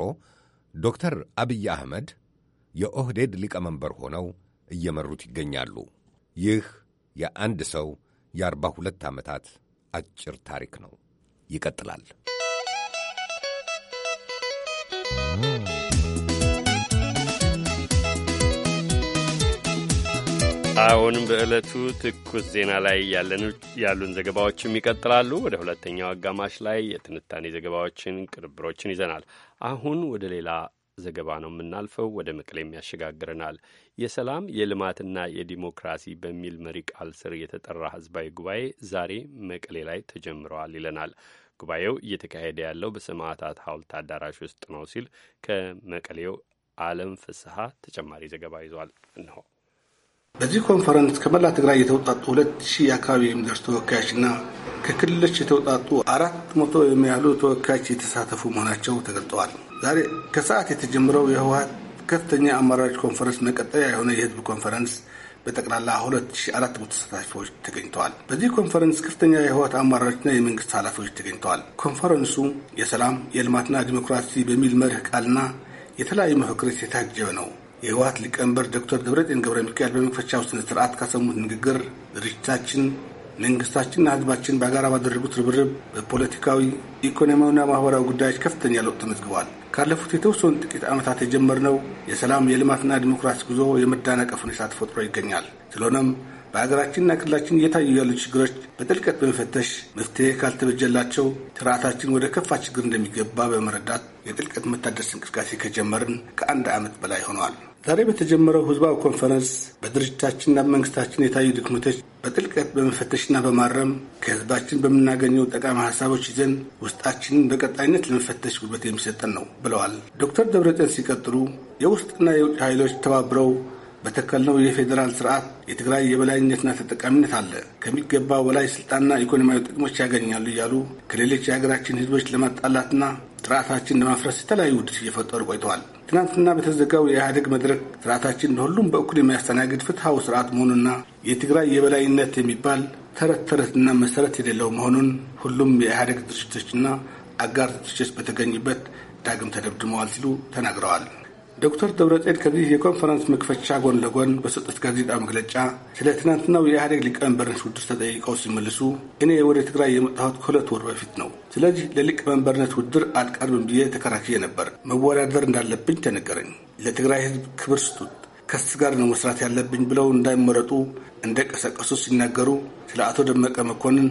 ዶክተር አብይ አህመድ የኦህዴድ ሊቀመንበር ሆነው እየመሩት ይገኛሉ። ይህ የአንድ ሰው የ42 ዓመታት አጭር ታሪክ ነው። ይቀጥላል። አሁንም በዕለቱ ትኩስ ዜና ላይ ያሉን ዘገባዎችም ይቀጥላሉ። ወደ ሁለተኛው አጋማሽ ላይ የትንታኔ ዘገባዎችን፣ ቅንብሮችን ይዘናል። አሁን ወደ ሌላ ዘገባ ነው የምናልፈው። ወደ መቀሌም ያሸጋግረናል። የሰላም የልማትና የዲሞክራሲ በሚል መሪ ቃል ስር የተጠራ ህዝባዊ ጉባኤ ዛሬ መቀሌ ላይ ተጀምረዋል ይለናል። ጉባኤው እየተካሄደ ያለው በሰማዕታት ሐውልት አዳራሽ ውስጥ ነው ሲል ከመቀሌው አለም ፍስሐ ተጨማሪ ዘገባ ይዟል። እንሆ በዚህ ኮንፈረንስ ከመላ ትግራይ የተውጣጡ ሁለት ሺህ አካባቢ የሚደርሱ ተወካዮችና ከክልሎች የተውጣጡ አራት መቶ የሚያሉ ተወካዮች የተሳተፉ መሆናቸው ተገልጠዋል። ዛሬ ከሰዓት የተጀመረው የህወሀት ከፍተኛ አመራሮች ኮንፈረንስ መቀጠያ የሆነ የህዝብ ኮንፈረንስ በጠቅላላ 2400 ተሳታፊዎች ተገኝተዋል። በዚህ ኮንፈረንስ ከፍተኛ የህወሓት አመራሮችና የመንግስት ኃላፊዎች ተገኝተዋል። ኮንፈረንሱ የሰላም የልማትና ዲሞክራሲ በሚል መርህ ቃልና የተለያዩ መፈክሮች የታጀበ ነው። የህወሀት ሊቀመንበር ዶክተር ደብረጽዮን ገብረ ሚካኤል በመክፈቻው ስነ ስርዓት ካሰሙት ንግግር ድርጅታችን መንግስታችንና ህዝባችን በጋራ ባደረጉት ርብርብ በፖለቲካዊ ኢኮኖሚያዊና ማህበራዊ ጉዳዮች ከፍተኛ ለውጥ ተመዝግቧል። ካለፉት የተወሰኑ ጥቂት ዓመታት የጀመርነው የሰላም የልማትና ዲሞክራሲ ጉዞ የመዳናቀፍ ሁኔታ ተፈጥሮ ይገኛል። ስለሆነም በሀገራችንና ክልላችን እየታዩ ያሉ ችግሮች በጥልቀት በመፈተሽ መፍትሄ ካልተበጀላቸው ስርዓታችን ወደ ከፋ ችግር እንደሚገባ በመረዳት የጥልቀት መታደስ እንቅስቃሴ ከጀመርን ከአንድ ዓመት በላይ ሆነዋል። ዛሬ በተጀመረው ህዝባዊ ኮንፈረንስ በድርጅታችንና በመንግስታችን የታዩ ድክመቶች በጥልቀት በመፈተሽና በማረም ከህዝባችን በምናገኘው ጠቃሚ ሀሳቦች ይዘን ውስጣችንን በቀጣይነት ለመፈተሽ ጉልበት የሚሰጠን ነው ብለዋል ዶክተር ደብረጽዮን። ሲቀጥሉ የውስጥና የውጭ ኃይሎች ተባብረው በተከልነው የፌዴራል ስርዓት የትግራይ የበላይነትና ተጠቃሚነት አለ፣ ከሚገባ በላይ ስልጣንና ኢኮኖሚያዊ ጥቅሞች ያገኛሉ እያሉ ከሌሎች የሀገራችን ህዝቦች ለማጣላትና ስርዓታችን ለማፍረስ የተለያዩ ውድስ እየፈጠሩ ቆይተዋል። ትናንትና በተዘጋው የኢህአዴግ መድረክ ስርዓታችን ለሁሉም በእኩል የሚያስተናግድ ፍትሐዊ ስርዓት መሆኑና የትግራይ የበላይነት የሚባል ተረት ተረትና መሰረት የሌለው መሆኑን ሁሉም የኢህአዴግ ድርጅቶችና አጋር ድርጅቶች በተገኙበት ዳግም ተደምድመዋል ሲሉ ተናግረዋል። ዶክተር ደብረጽዮን ከዚህ የኮንፈረንስ መክፈቻ ጎን ለጎን በሰጡት ጋዜጣ መግለጫ ስለ ትናንትናው የኢህአዴግ ሊቀመንበርነት ውድድር ተጠይቀው ሲመልሱ እኔ ወደ ትግራይ የመጣሁት ከሁለት ወር በፊት ነው። ስለዚህ ለሊቀመንበርነት ውድድር አልቀርብም ብዬ ተከራክዬ ነበር። መወዳደር እንዳለብኝ ተነገረኝ። ለትግራይ ህዝብ ክብር ስጡት፣ ከስ ጋር ነው መስራት ያለብኝ ብለው እንዳይመረጡ እንደቀሰቀሱ ሲናገሩ ስለ አቶ ደመቀ መኮንን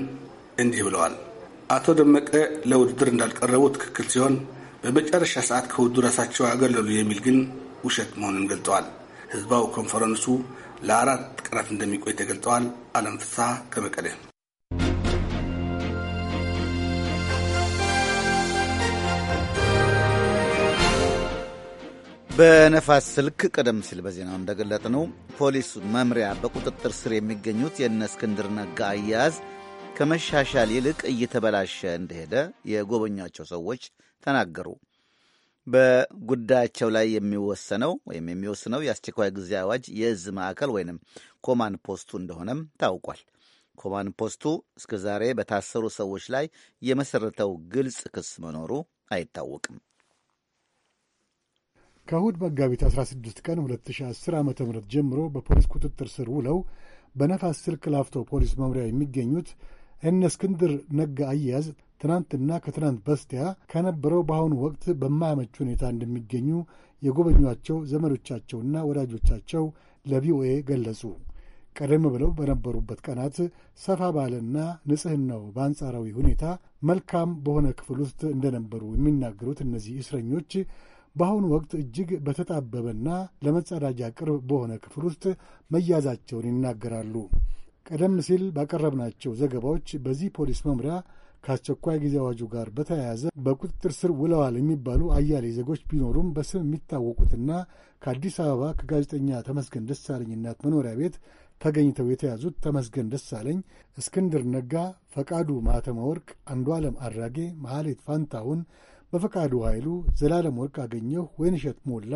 እንዲህ ብለዋል። አቶ ደመቀ ለውድድር እንዳልቀረቡ ትክክል ሲሆን በመጨረሻ ሰዓት ከውዱ ራሳቸው አገለሉ የሚል ግን ውሸት መሆኑን ገልጠዋል። ህዝባዊ ኮንፈረንሱ ለአራት ቀናት እንደሚቆይ ተገልጠዋል። አለም ፍስሐ ከመቀለ። በነፋስ ስልክ ቀደም ሲል በዜናው እንደገለጥ ነው ፖሊስ መምሪያ በቁጥጥር ስር የሚገኙት የእነ እስክንድር ነጋ አያያዝ ከመሻሻል ይልቅ እየተበላሸ እንደሄደ የጎበኛቸው ሰዎች ተናገሩ። በጉዳያቸው ላይ የሚወሰነው ወይም የሚወስነው የአስቸኳይ ጊዜ አዋጅ የእዝ ማዕከል ወይንም ኮማንድ ፖስቱ እንደሆነም ታውቋል። ኮማንድ ፖስቱ እስከ ዛሬ በታሰሩ ሰዎች ላይ የመሰረተው ግልጽ ክስ መኖሩ አይታወቅም። ከእሁድ መጋቢት 16 ቀን 2010 ዓ ም ጀምሮ በፖሊስ ቁጥጥር ስር ውለው በነፋስ ስልክ ላፍቶ ፖሊስ መምሪያ የሚገኙት እነ እስክንድር ነጋ አያዝ ትናንትና ከትናንት በስቲያ ከነበረው በአሁኑ ወቅት በማያመች ሁኔታ እንደሚገኙ የጎበኟቸው ዘመዶቻቸውና ወዳጆቻቸው ለቪኦኤ ገለጹ። ቀደም ብለው በነበሩበት ቀናት ሰፋ ባለና ንጽሕናው በአንጻራዊ ሁኔታ መልካም በሆነ ክፍል ውስጥ እንደነበሩ የሚናገሩት እነዚህ እስረኞች በአሁኑ ወቅት እጅግ በተጣበበና ለመጸዳጃ ቅርብ በሆነ ክፍል ውስጥ መያዛቸውን ይናገራሉ። ቀደም ሲል ባቀረብናቸው ዘገባዎች በዚህ ፖሊስ መምሪያ ከአስቸኳይ ጊዜ አዋጁ ጋር በተያያዘ በቁጥጥር ስር ውለዋል የሚባሉ አያሌ ዜጎች ቢኖሩም በስም የሚታወቁትና ከአዲስ አበባ ከጋዜጠኛ ተመስገን ደሳለኝ እናት መኖሪያ ቤት ተገኝተው የተያዙት ተመስገን ደሳለኝ፣ እስክንድር ነጋ፣ ፈቃዱ ማኅተመ ወርቅ፣ ዓለም አራጌ፣ መሐሌት ፋንታሁን፣ በፈቃዱ ኃይሉ፣ ዘላለም ወርቅ አገኘሁ፣ ወይንሸት ሞላ፣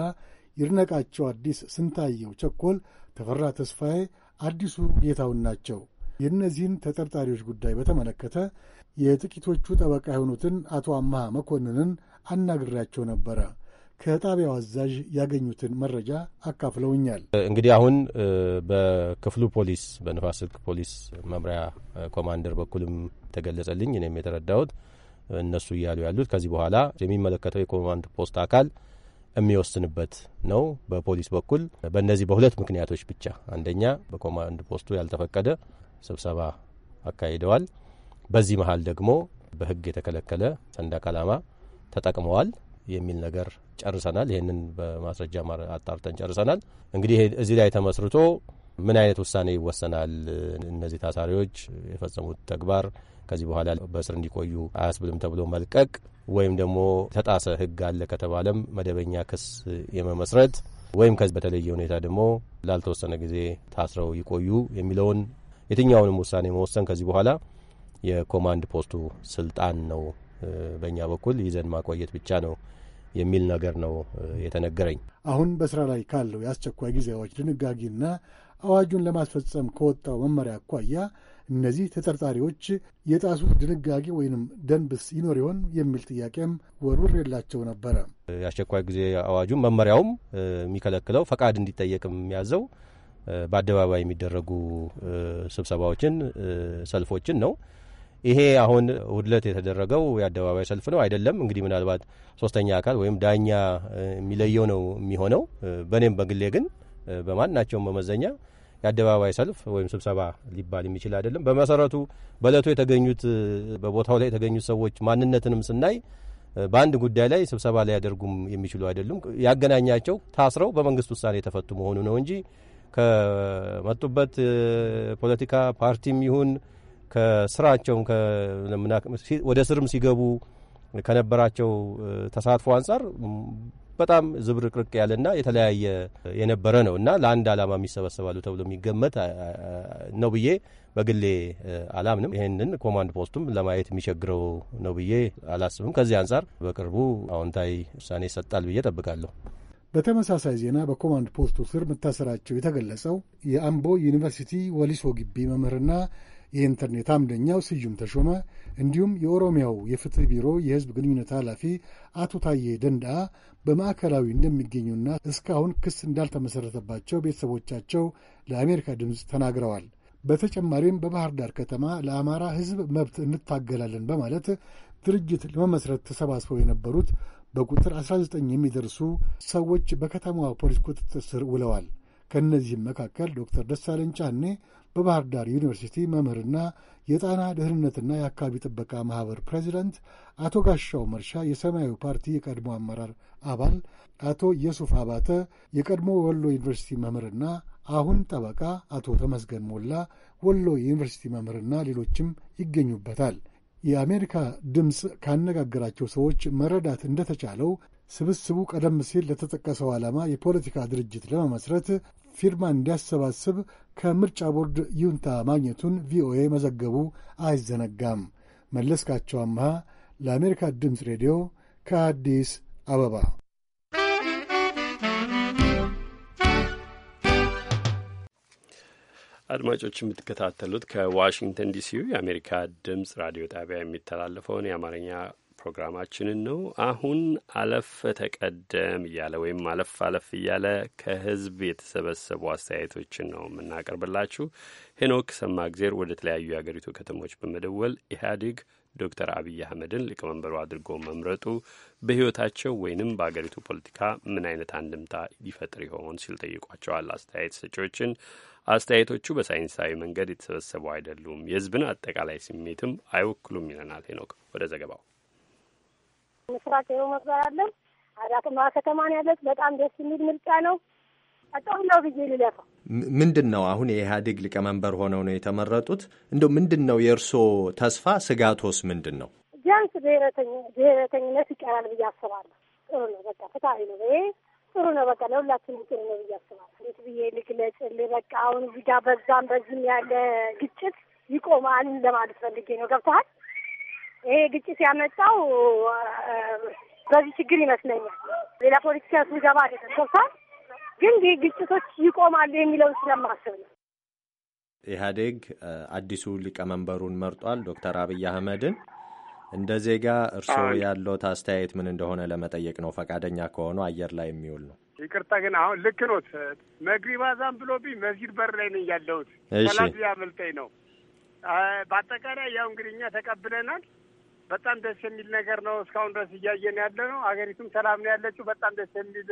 ይድነቃቸው አዲስ፣ ስንታየው ቸኮል፣ ተፈራ ተስፋዬ፣ አዲሱ ጌታውን ናቸው። የእነዚህን ተጠርጣሪዎች ጉዳይ በተመለከተ የጥቂቶቹ ጠበቃ የሆኑትን አቶ አማሃ መኮንንን አናግሬያቸው ነበረ። ከጣቢያው አዛዥ ያገኙትን መረጃ አካፍለውኛል። እንግዲህ አሁን በክፍሉ ፖሊስ በንፋስ ስልክ ፖሊስ መምሪያ ኮማንደር በኩልም ተገለጸልኝ። እኔም የተረዳሁት እነሱ እያሉ ያሉት ከዚህ በኋላ የሚመለከተው የኮማንድ ፖስት አካል የሚወስንበት ነው። በፖሊስ በኩል በእነዚህ በሁለት ምክንያቶች ብቻ፣ አንደኛ በኮማንድ ፖስቱ ያልተፈቀደ ስብሰባ አካሂደዋል። በዚህ መሀል ደግሞ በህግ የተከለከለ ሰንደቅ ዓላማ ተጠቅመዋል የሚል ነገር ጨርሰናል። ይህንን በማስረጃ አጣርተን ጨርሰናል። እንግዲህ እዚህ ላይ ተመስርቶ ምን አይነት ውሳኔ ይወሰናል? እነዚህ ታሳሪዎች የፈጸሙት ተግባር ከዚህ በኋላ በእስር እንዲቆዩ አያስብልም ተብሎ መልቀቅ ወይም ደግሞ ተጣሰ ህግ አለ ከተባለም መደበኛ ክስ የመመስረት ወይም ከዚህ በተለየ ሁኔታ ደግሞ ላልተወሰነ ጊዜ ታስረው ይቆዩ የሚለውን የትኛውንም ውሳኔ መወሰን ከዚህ በኋላ የኮማንድ ፖስቱ ስልጣን ነው፣ በእኛ በኩል ይዘን ማቆየት ብቻ ነው የሚል ነገር ነው የተነገረኝ። አሁን በስራ ላይ ካለው የአስቸኳይ ጊዜ ድንጋጌና አዋጁን ለማስፈጸም ከወጣው መመሪያ አኳያ እነዚህ ተጠርጣሪዎች የጣሱት ድንጋጌ ወይንም ደንብስ ይኖር ይሆን የሚል ጥያቄም ወርውር የላቸው ነበረ። የአስቸኳይ ጊዜ አዋጁም መመሪያውም የሚከለክለው ፈቃድ እንዲጠየቅም የሚያዘው በአደባባይ የሚደረጉ ስብሰባዎችን፣ ሰልፎችን ነው። ይሄ አሁን ውድለት የተደረገው የአደባባይ ሰልፍ ነው አይደለም። እንግዲህ ምናልባት ሶስተኛ አካል ወይም ዳኛ የሚለየው ነው የሚሆነው። በእኔም በግሌ ግን በማናቸውም መመዘኛ የአደባባይ ሰልፍ ወይም ስብሰባ ሊባል የሚችል አይደለም። በመሰረቱ በእለቱ የተገኙት በቦታው ላይ የተገኙት ሰዎች ማንነትንም ስናይ በአንድ ጉዳይ ላይ ስብሰባ ላይ ያደርጉም የሚችሉ አይደሉም። ያገናኛቸው ታስረው በመንግስት ውሳኔ የተፈቱ መሆኑ ነው እንጂ ከመጡበት ፖለቲካ ፓርቲም ይሁን ከስራቸውም ወደ ስርም ሲገቡ ከነበራቸው ተሳትፎ አንጻር በጣም ዝብርቅርቅ ያለና የተለያየ የነበረ ነው እና ለአንድ አላማ የሚሰበሰባሉ ተብሎ የሚገመት ነው ብዬ በግሌ አላምንም። ይህንን ኮማንድ ፖስቱም ለማየት የሚቸግረው ነው ብዬ አላስብም። ከዚህ አንጻር በቅርቡ አዎንታዊ ውሳኔ ይሰጣል ብዬ ጠብቃለሁ። በተመሳሳይ ዜና በኮማንድ ፖስቱ ስር መታሰራቸው የተገለጸው የአምቦ ዩኒቨርሲቲ ወሊሶ ግቢ መምህርና የኢንተርኔት አምደኛው ስዩም ተሾመ እንዲሁም የኦሮሚያው የፍትህ ቢሮ የህዝብ ግንኙነት ኃላፊ አቶ ታዬ ደንዳ በማዕከላዊ እንደሚገኙና እስካሁን ክስ እንዳልተመሠረተባቸው ቤተሰቦቻቸው ለአሜሪካ ድምፅ ተናግረዋል። በተጨማሪም በባህር ዳር ከተማ ለአማራ ህዝብ መብት እንታገላለን በማለት ድርጅት ለመመስረት ተሰባስበው የነበሩት በቁጥር 19 የሚደርሱ ሰዎች በከተማዋ ፖሊስ ቁጥጥር ስር ውለዋል። ከእነዚህም መካከል ዶክተር ደሳለኝ ጫኔ በባህር ዳር ዩኒቨርሲቲ መምህርና የጣና ደህንነትና የአካባቢ ጥበቃ ማህበር ፕሬዚዳንት አቶ ጋሻው መርሻ፣ የሰማያዊ ፓርቲ የቀድሞ አመራር አባል አቶ የሱፍ አባተ፣ የቀድሞ ወሎ ዩኒቨርሲቲ መምህርና አሁን ጠበቃ አቶ ተመስገን ሞላ፣ ወሎ ዩኒቨርሲቲ መምህርና ሌሎችም ይገኙበታል። የአሜሪካ ድምፅ ካነጋገራቸው ሰዎች መረዳት እንደተቻለው ስብስቡ ቀደም ሲል ለተጠቀሰው ዓላማ የፖለቲካ ድርጅት ለመመስረት ፊርማ እንዲያሰባስብ ከምርጫ ቦርድ ይሁንታ ማግኘቱን ቪኦኤ መዘገቡ አይዘነጋም። መለስካቸው አምሃ ለአሜሪካ ድምፅ ሬዲዮ ከአዲስ አበባ። አድማጮች የምትከታተሉት ከዋሽንግተን ዲሲው የአሜሪካ ድምፅ ራዲዮ ጣቢያ የሚተላለፈውን የአማርኛ ፕሮግራማችንን ነው። አሁን አለፍ ተቀደም እያለ ወይም አለፍ አለፍ እያለ ከህዝብ የተሰበሰቡ አስተያየቶችን ነው የምናቀርብላችሁ። ሄኖክ ሰማእግዜር ወደ ተለያዩ የአገሪቱ ከተሞች በመደወል ኢህአዴግ ዶክተር አብይ አህመድን ሊቀመንበሩ አድርጎ መምረጡ በህይወታቸው ወይንም በአገሪቱ ፖለቲካ ምን አይነት አንድምታ ሊፈጥር ይሆን ሲል ጠይቋቸዋል አስተያየት ሰጪዎችን። አስተያየቶቹ በሳይንሳዊ መንገድ የተሰበሰቡ አይደሉም፣ የህዝብን አጠቃላይ ስሜትም አይወክሉም ይለናል ሄኖክ ወደ ዘገባው ምስራቅ የው መግባር አለ አዳማ ከተማን ነው ያለች። በጣም ደስ የሚል ምርጫ ነው። በጣም ነው ብዬ ልለፈው። ምንድን ነው አሁን የኢህአዴግ ሊቀመንበር ሆነው ነው የተመረጡት። እንደው ምንድን ነው የእርስዎ ተስፋ ስጋቶስ ምንድን ነው? ቢያንስ ብሔረተኝነት ይቀራል ብዬ አስባለሁ። ጥሩ ነው በቃ ፍትሀዊ ነው ይሄ ጥሩ ነው በቃ ለሁላችንም ጥሩ ነው ብዬ አስባለሁ። ት ብዬ ልግለጽልህ? በቃ አሁን እዚህ ጋር በዛም በዚህም ያለ ግጭት ይቆማል ለማለት ፈልጌ ነው። ገብተሃል ይሄ ግጭት ያመጣው በዚህ ችግር ይመስለኛል። ሌላ ፖለቲካ ስንገባ አይደለም፣ ግን ይህ ግጭቶች ይቆማሉ የሚለው ስለማስብ ነው። ኢህአዴግ አዲሱ ሊቀመንበሩን መርጧል፣ ዶክተር አብይ አህመድን። እንደ ዜጋ እርስዎ ያለዎት አስተያየት ምን እንደሆነ ለመጠየቅ ነው። ፈቃደኛ ከሆኑ አየር ላይ የሚውል ነው። ይቅርታ ግን አሁን ልክ ኖት። መግሪብ አዛን ብሎብኝ መስጊድ በር ላይ ነኝ ያለሁት። ሰላት ያመልጠኝ ነው። በአጠቃላይ ያው እንግዲህ እኛ ተቀብለናል። በጣም ደስ የሚል ነገር ነው። እስካሁን ድረስ እያየን ያለ ነው። ሀገሪቱም ሰላም ነው ያለችው። በጣም ደስ የሚል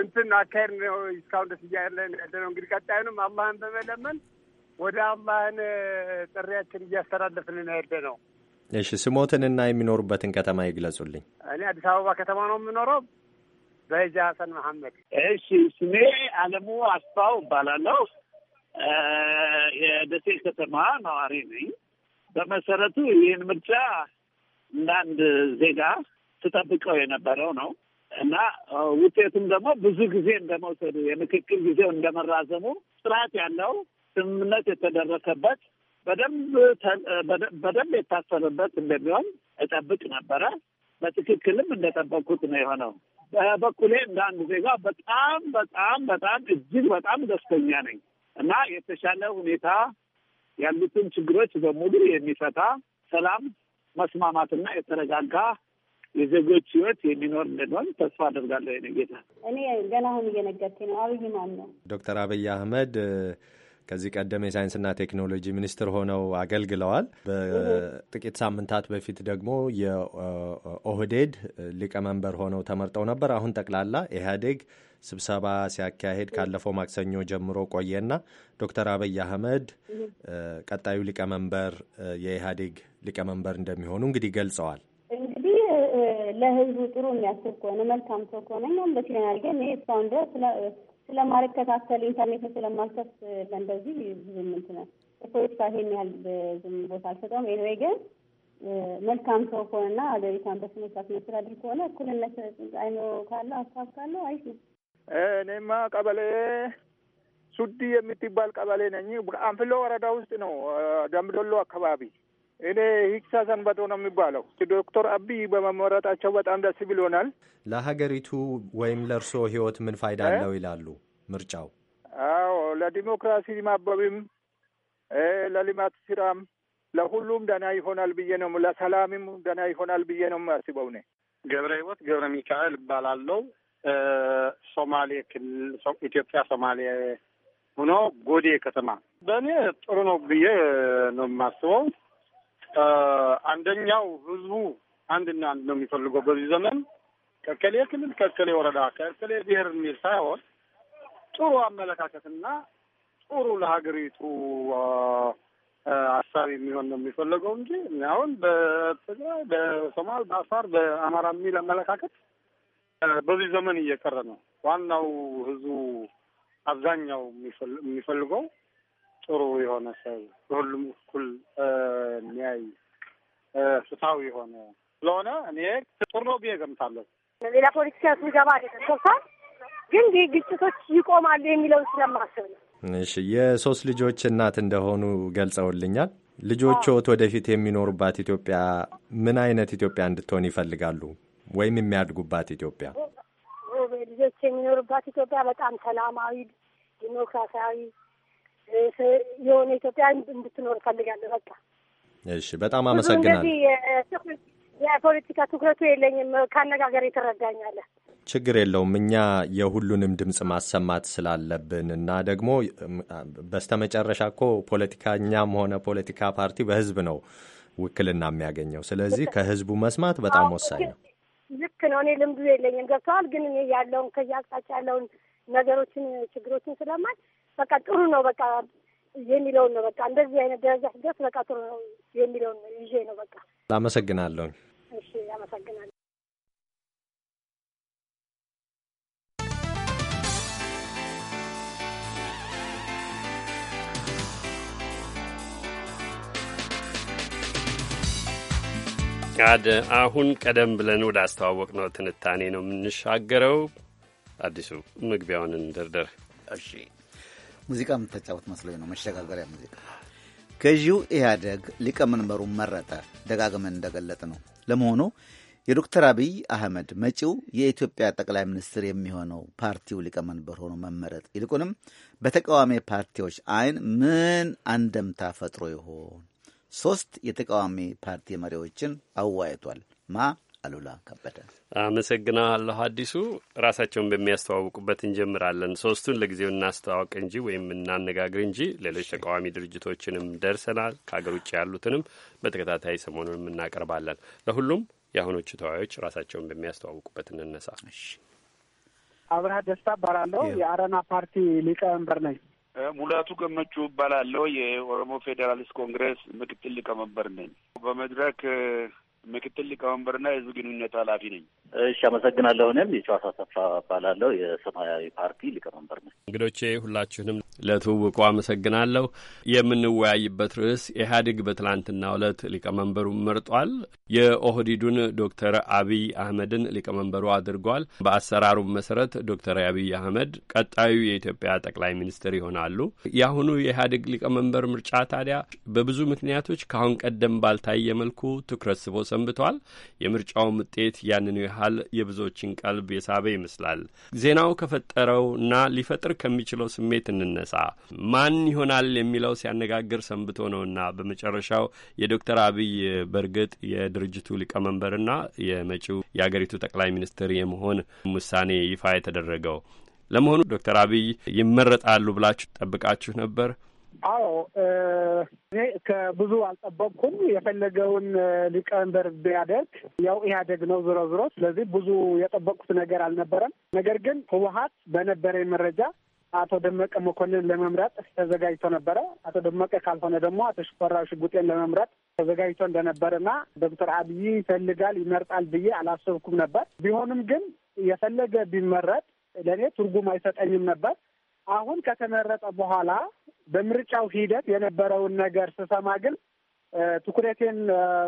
እንትን አካሄድ ነው እስካሁን ድረስ እያለን ያለ ነው። እንግዲህ ቀጣዩንም አላህን በመለመን ወደ አላህን ጥሪያችን እያስተላለፍን ያለ ነው። እሺ፣ ስሞትንና የሚኖሩበትን ከተማ ይግለጹልኝ። እኔ አዲስ አበባ ከተማ ነው የምኖረው። በዛ ሀሰን መሐመድ። እሺ፣ ስሜ አለሙ አስፋው እባላለሁ። የደሴ ከተማ ነዋሪ ነኝ። በመሰረቱ ይህን ምርጫ እንዳንድ ዜጋ ስጠብቀው የነበረው ነው እና ውጤቱም ደግሞ ብዙ ጊዜ እንደመውሰዱ የምክክል ጊዜው እንደመራዘሙ ጥራት ያለው ስምምነት የተደረሰበት በደንብ የታሰበበት እንደሚሆን እጠብቅ ነበረ። በትክክልም እንደጠበቅኩት ነው የሆነው። በበኩሌ እንደ አንድ ዜጋ በጣም በጣም በጣም እጅግ በጣም ደስተኛ ነኝ እና የተሻለ ሁኔታ ያሉትን ችግሮች በሙሉ የሚፈታ ሰላም፣ መስማማትና የተረጋጋ የዜጎች ህይወት የሚኖር እንደሆን ተስፋ አደርጋለሁ። የኔ እኔ ገና አሁን ነው። አብይ ማን ነው? ዶክተር አብይ አህመድ ከዚህ ቀደም የሳይንስና ቴክኖሎጂ ሚኒስትር ሆነው አገልግለዋል። በጥቂት ሳምንታት በፊት ደግሞ የኦህዴድ ሊቀመንበር ሆነው ተመርጠው ነበር። አሁን ጠቅላላ ኢህአዴግ ስብሰባ ሲያካሄድ ካለፈው ማክሰኞ ጀምሮ ቆየና ዶክተር አብይ አህመድ ቀጣዩ ሊቀመንበር የኢህአዴግ ሊቀመንበር እንደሚሆኑ እንግዲህ ገልጸዋል። እንግዲህ ለህዝቡ ጥሩ የሚያስብ ከሆነ መልካም ሰው ከሆነ እኛም ደስ ይለናል። ግን ይህ እስካሁን ድረስ ስለማልከታተል ኢንተርኔትን ስለማልከፍት ለእንደዚህ ብዙ ነው ፖለቲካ ይሄን ያህል ዝም ቦታ አልሰጠውም። ኤኒዌይ ግን መልካም ሰው ከሆነና ሀገሪቷን በስነስርዓት የሚያስተዳድር ከሆነ እኩልነት አይኖ ካለው ሀሳብ ካለው አሪፍ ነው። እኔማ ቀበሌ ሱዲ የምትባል ቀበሌ ነኝ። አንፍሎ ወረዳ ውስጥ ነው፣ ደምዶሎ አካባቢ። እኔ ሂክሳ ሰንበቶ ነው የሚባለው። ዶክተር አብይ በመመረጣቸው በጣም ደስ ብሎናል። ለሀገሪቱ ወይም ለእርስዎ ህይወት ምን ፋይዳ አለው ይላሉ ምርጫው? አዎ ለዲሞክራሲ ማበብም ለልማት ስራም ለሁሉም ደና ይሆናል ብዬ ነው፣ ለሰላምም ደና ይሆናል ብዬ ነው የማስበው። ነ ገብረ ህይወት ገብረ ሚካኤል እባላለሁ። ሶማሌ ክልል ኢትዮጵያ ሶማሌ ሆኖ ጎዴ ከተማ በእኔ ጥሩ ነው ብዬ ነው የማስበው። አንደኛው ህዝቡ አንድና አንድ ነው የሚፈልገው በዚህ ዘመን ከከሌ ክልል ከከሌ ወረዳ ከከሌ ብሔር የሚል ሳይሆን ጥሩ አመለካከትና ጥሩ ለሀገሪቱ አሳቢ የሚሆን ነው የሚፈለገው እንጂ አሁን በትግራይ፣ በሶማል፣ በአፋር፣ በአማራ የሚል አመለካከት በዚህ ዘመን እየቀረ ነው። ዋናው ህዝቡ አብዛኛው የሚፈልገው ጥሩ የሆነ ሰው በሁሉም እኩል የሚያይ ፍትሐዊ የሆነ ስለሆነ እኔ ጥሩ ነው ብዬ ገምታለሁ። ሌላ ፖለቲካ ሚገባ አይደለም፣ ግን ይህ ግጭቶች ይቆማሉ የሚለውን ስለማስብ ነው። እሺ የሶስት ልጆች እናት እንደሆኑ ገልጸውልኛል። ልጆችዎት ወደፊት የሚኖሩባት ኢትዮጵያ ምን አይነት ኢትዮጵያ እንድትሆን ይፈልጋሉ? ወይም የሚያድጉባት ኢትዮጵያ ልጆች የሚኖሩባት ኢትዮጵያ በጣም ሰላማዊ፣ ዲሞክራሲያዊ የሆነ ኢትዮጵያ እንድትኖር እፈልጋለሁ። በቃ እሺ፣ በጣም አመሰግናለሁ። የፖለቲካ ትኩረቱ የለኝም። ከአነጋገር ትረዳኛለህ። ችግር የለውም። እኛ የሁሉንም ድምፅ ማሰማት ስላለብን እና ደግሞ በስተመጨረሻ እኮ ፖለቲካኛም ሆነ ፖለቲካ ፓርቲ በህዝብ ነው ውክልና የሚያገኘው። ስለዚህ ከህዝቡ መስማት በጣም ወሳኝ ነው። ልክ ነው። እኔ ልምዱ የለኝም ገብተዋል። ግን እኔ ያለውን ከዚህ አቅጣጫ ያለውን ነገሮችን ችግሮችን ስለማል በቃ ጥሩ ነው በቃ የሚለውን ነው በቃ እንደዚህ አይነት ደረጃ ስደት በቃ ጥሩ ነው የሚለውን ይዤ ነው በቃ አመሰግናለሁ። እሺ አመሰግናለሁ። አደ አሁን ቀደም ብለን ወደ አስተዋወቅ ነው ትንታኔ ነው የምንሻገረው። አዲሱ መግቢያውን እንድርድር። እሺ ሙዚቃ የምታጫወት መስሎኝ ነው መሸጋገሪያ ሙዚቃ። ገዢው ኢህአደግ ሊቀመንበሩ መረጠ። ደጋግመን እንደገለጥ ነው። ለመሆኑ የዶክተር አብይ አህመድ መጪው የኢትዮጵያ ጠቅላይ ሚኒስትር የሚሆነው ፓርቲው ሊቀመንበር ሆኖ መመረጥ ይልቁንም በተቃዋሚ ፓርቲዎች አይን ምን አንደምታ ፈጥሮ ይሆን? ሶስት የተቃዋሚ ፓርቲ መሪዎችን አወያይቷል። ማ አሉላ ከበደ አመሰግናለሁ። አዲሱ ራሳቸውን በሚያስተዋውቁበት እንጀምራለን። ሶስቱን ለጊዜው እናስተዋወቅ እንጂ ወይም እናነጋግር እንጂ ሌሎች ተቃዋሚ ድርጅቶችንም ደርሰናል። ከሀገር ውጭ ያሉትንም በተከታታይ ሰሞኑንም እናቀርባለን። ለሁሉም የአሁኖቹ ተወያዮች ራሳቸውን በሚያስተዋውቁበት እንነሳ። አብርሃ ደስታ እባላለሁ። የአረና ፓርቲ ሊቀመንበር ነኝ። ሙላቱ ገመቹ እባላለሁ። የኦሮሞ ፌዴራሊስት ኮንግረስ ምክትል ሊቀመንበር ነኝ። በመድረክ ምክትል ሊቀመንበርና የህዝብ ግንኙነት ኃላፊ ነኝ። እሺ፣ አመሰግናለሁ። እኔም የጨዋታ ሰፋ እባላለሁ የሰማያዊ ፓርቲ ሊቀመንበር ነኝ። እንግዶቼ ሁላችሁንም ለትውውቁ አመሰግናለሁ። የምንወያይበት ርዕስ ኢህአዴግ በትላንትናው ዕለት ሊቀመንበሩን መርጧል። የኦህዲዱን ዶክተር አብይ አህመድን ሊቀመንበሩ አድርጓል። በአሰራሩም መሰረት ዶክተር አብይ አህመድ ቀጣዩ የኢትዮጵያ ጠቅላይ ሚኒስትር ይሆናሉ። የአሁኑ የኢህአዴግ ሊቀመንበር ምርጫ ታዲያ በብዙ ምክንያቶች ከአሁን ቀደም ባልታየ መልኩ ትኩረት ስቦ ሰንብቷል። የምርጫውም ውጤት ያንኑ ያህል የብዙዎችን ቀልብ የሳበ ይመስላል። ዜናው ከፈጠረውና ሊፈጥር ከሚችለው ስሜት እንነሳ። ማን ይሆናል የሚለው ሲያነጋግር ሰንብቶ ነውና በመጨረሻው የዶክተር አብይ በእርግጥ የድርጅቱ ሊቀመንበርና የመጪው የአገሪቱ ጠቅላይ ሚኒስትር የመሆን ውሳኔ ይፋ የተደረገው ለመሆኑ ዶክተር አብይ ይመረጣሉ ብላችሁ ጠብቃችሁ ነበር? አዎ እኔ ከብዙ አልጠበቅኩም። የፈለገውን ሊቀመንበር ቢያደርግ ያው ኢህአዴግ ነው ዝሮ ዝሮ። ስለዚህ ብዙ የጠበቅኩት ነገር አልነበረም። ነገር ግን ህወሀት በነበረ መረጃ አቶ ደመቀ መኮንን ለመምረጥ ተዘጋጅቶ ነበረ። አቶ ደመቀ ካልሆነ ደግሞ አቶ ሽፈራው ሽጉጤን ለመምረጥ ተዘጋጅቶ እንደነበረና ዶክተር አብይ ይፈልጋል ይመርጣል ብዬ አላሰብኩም ነበር። ቢሆንም ግን የፈለገ ቢመረጥ ለእኔ ትርጉም አይሰጠኝም ነበር። አሁን ከተመረጠ በኋላ በምርጫው ሂደት የነበረውን ነገር ስሰማ ግን ትኩረቴን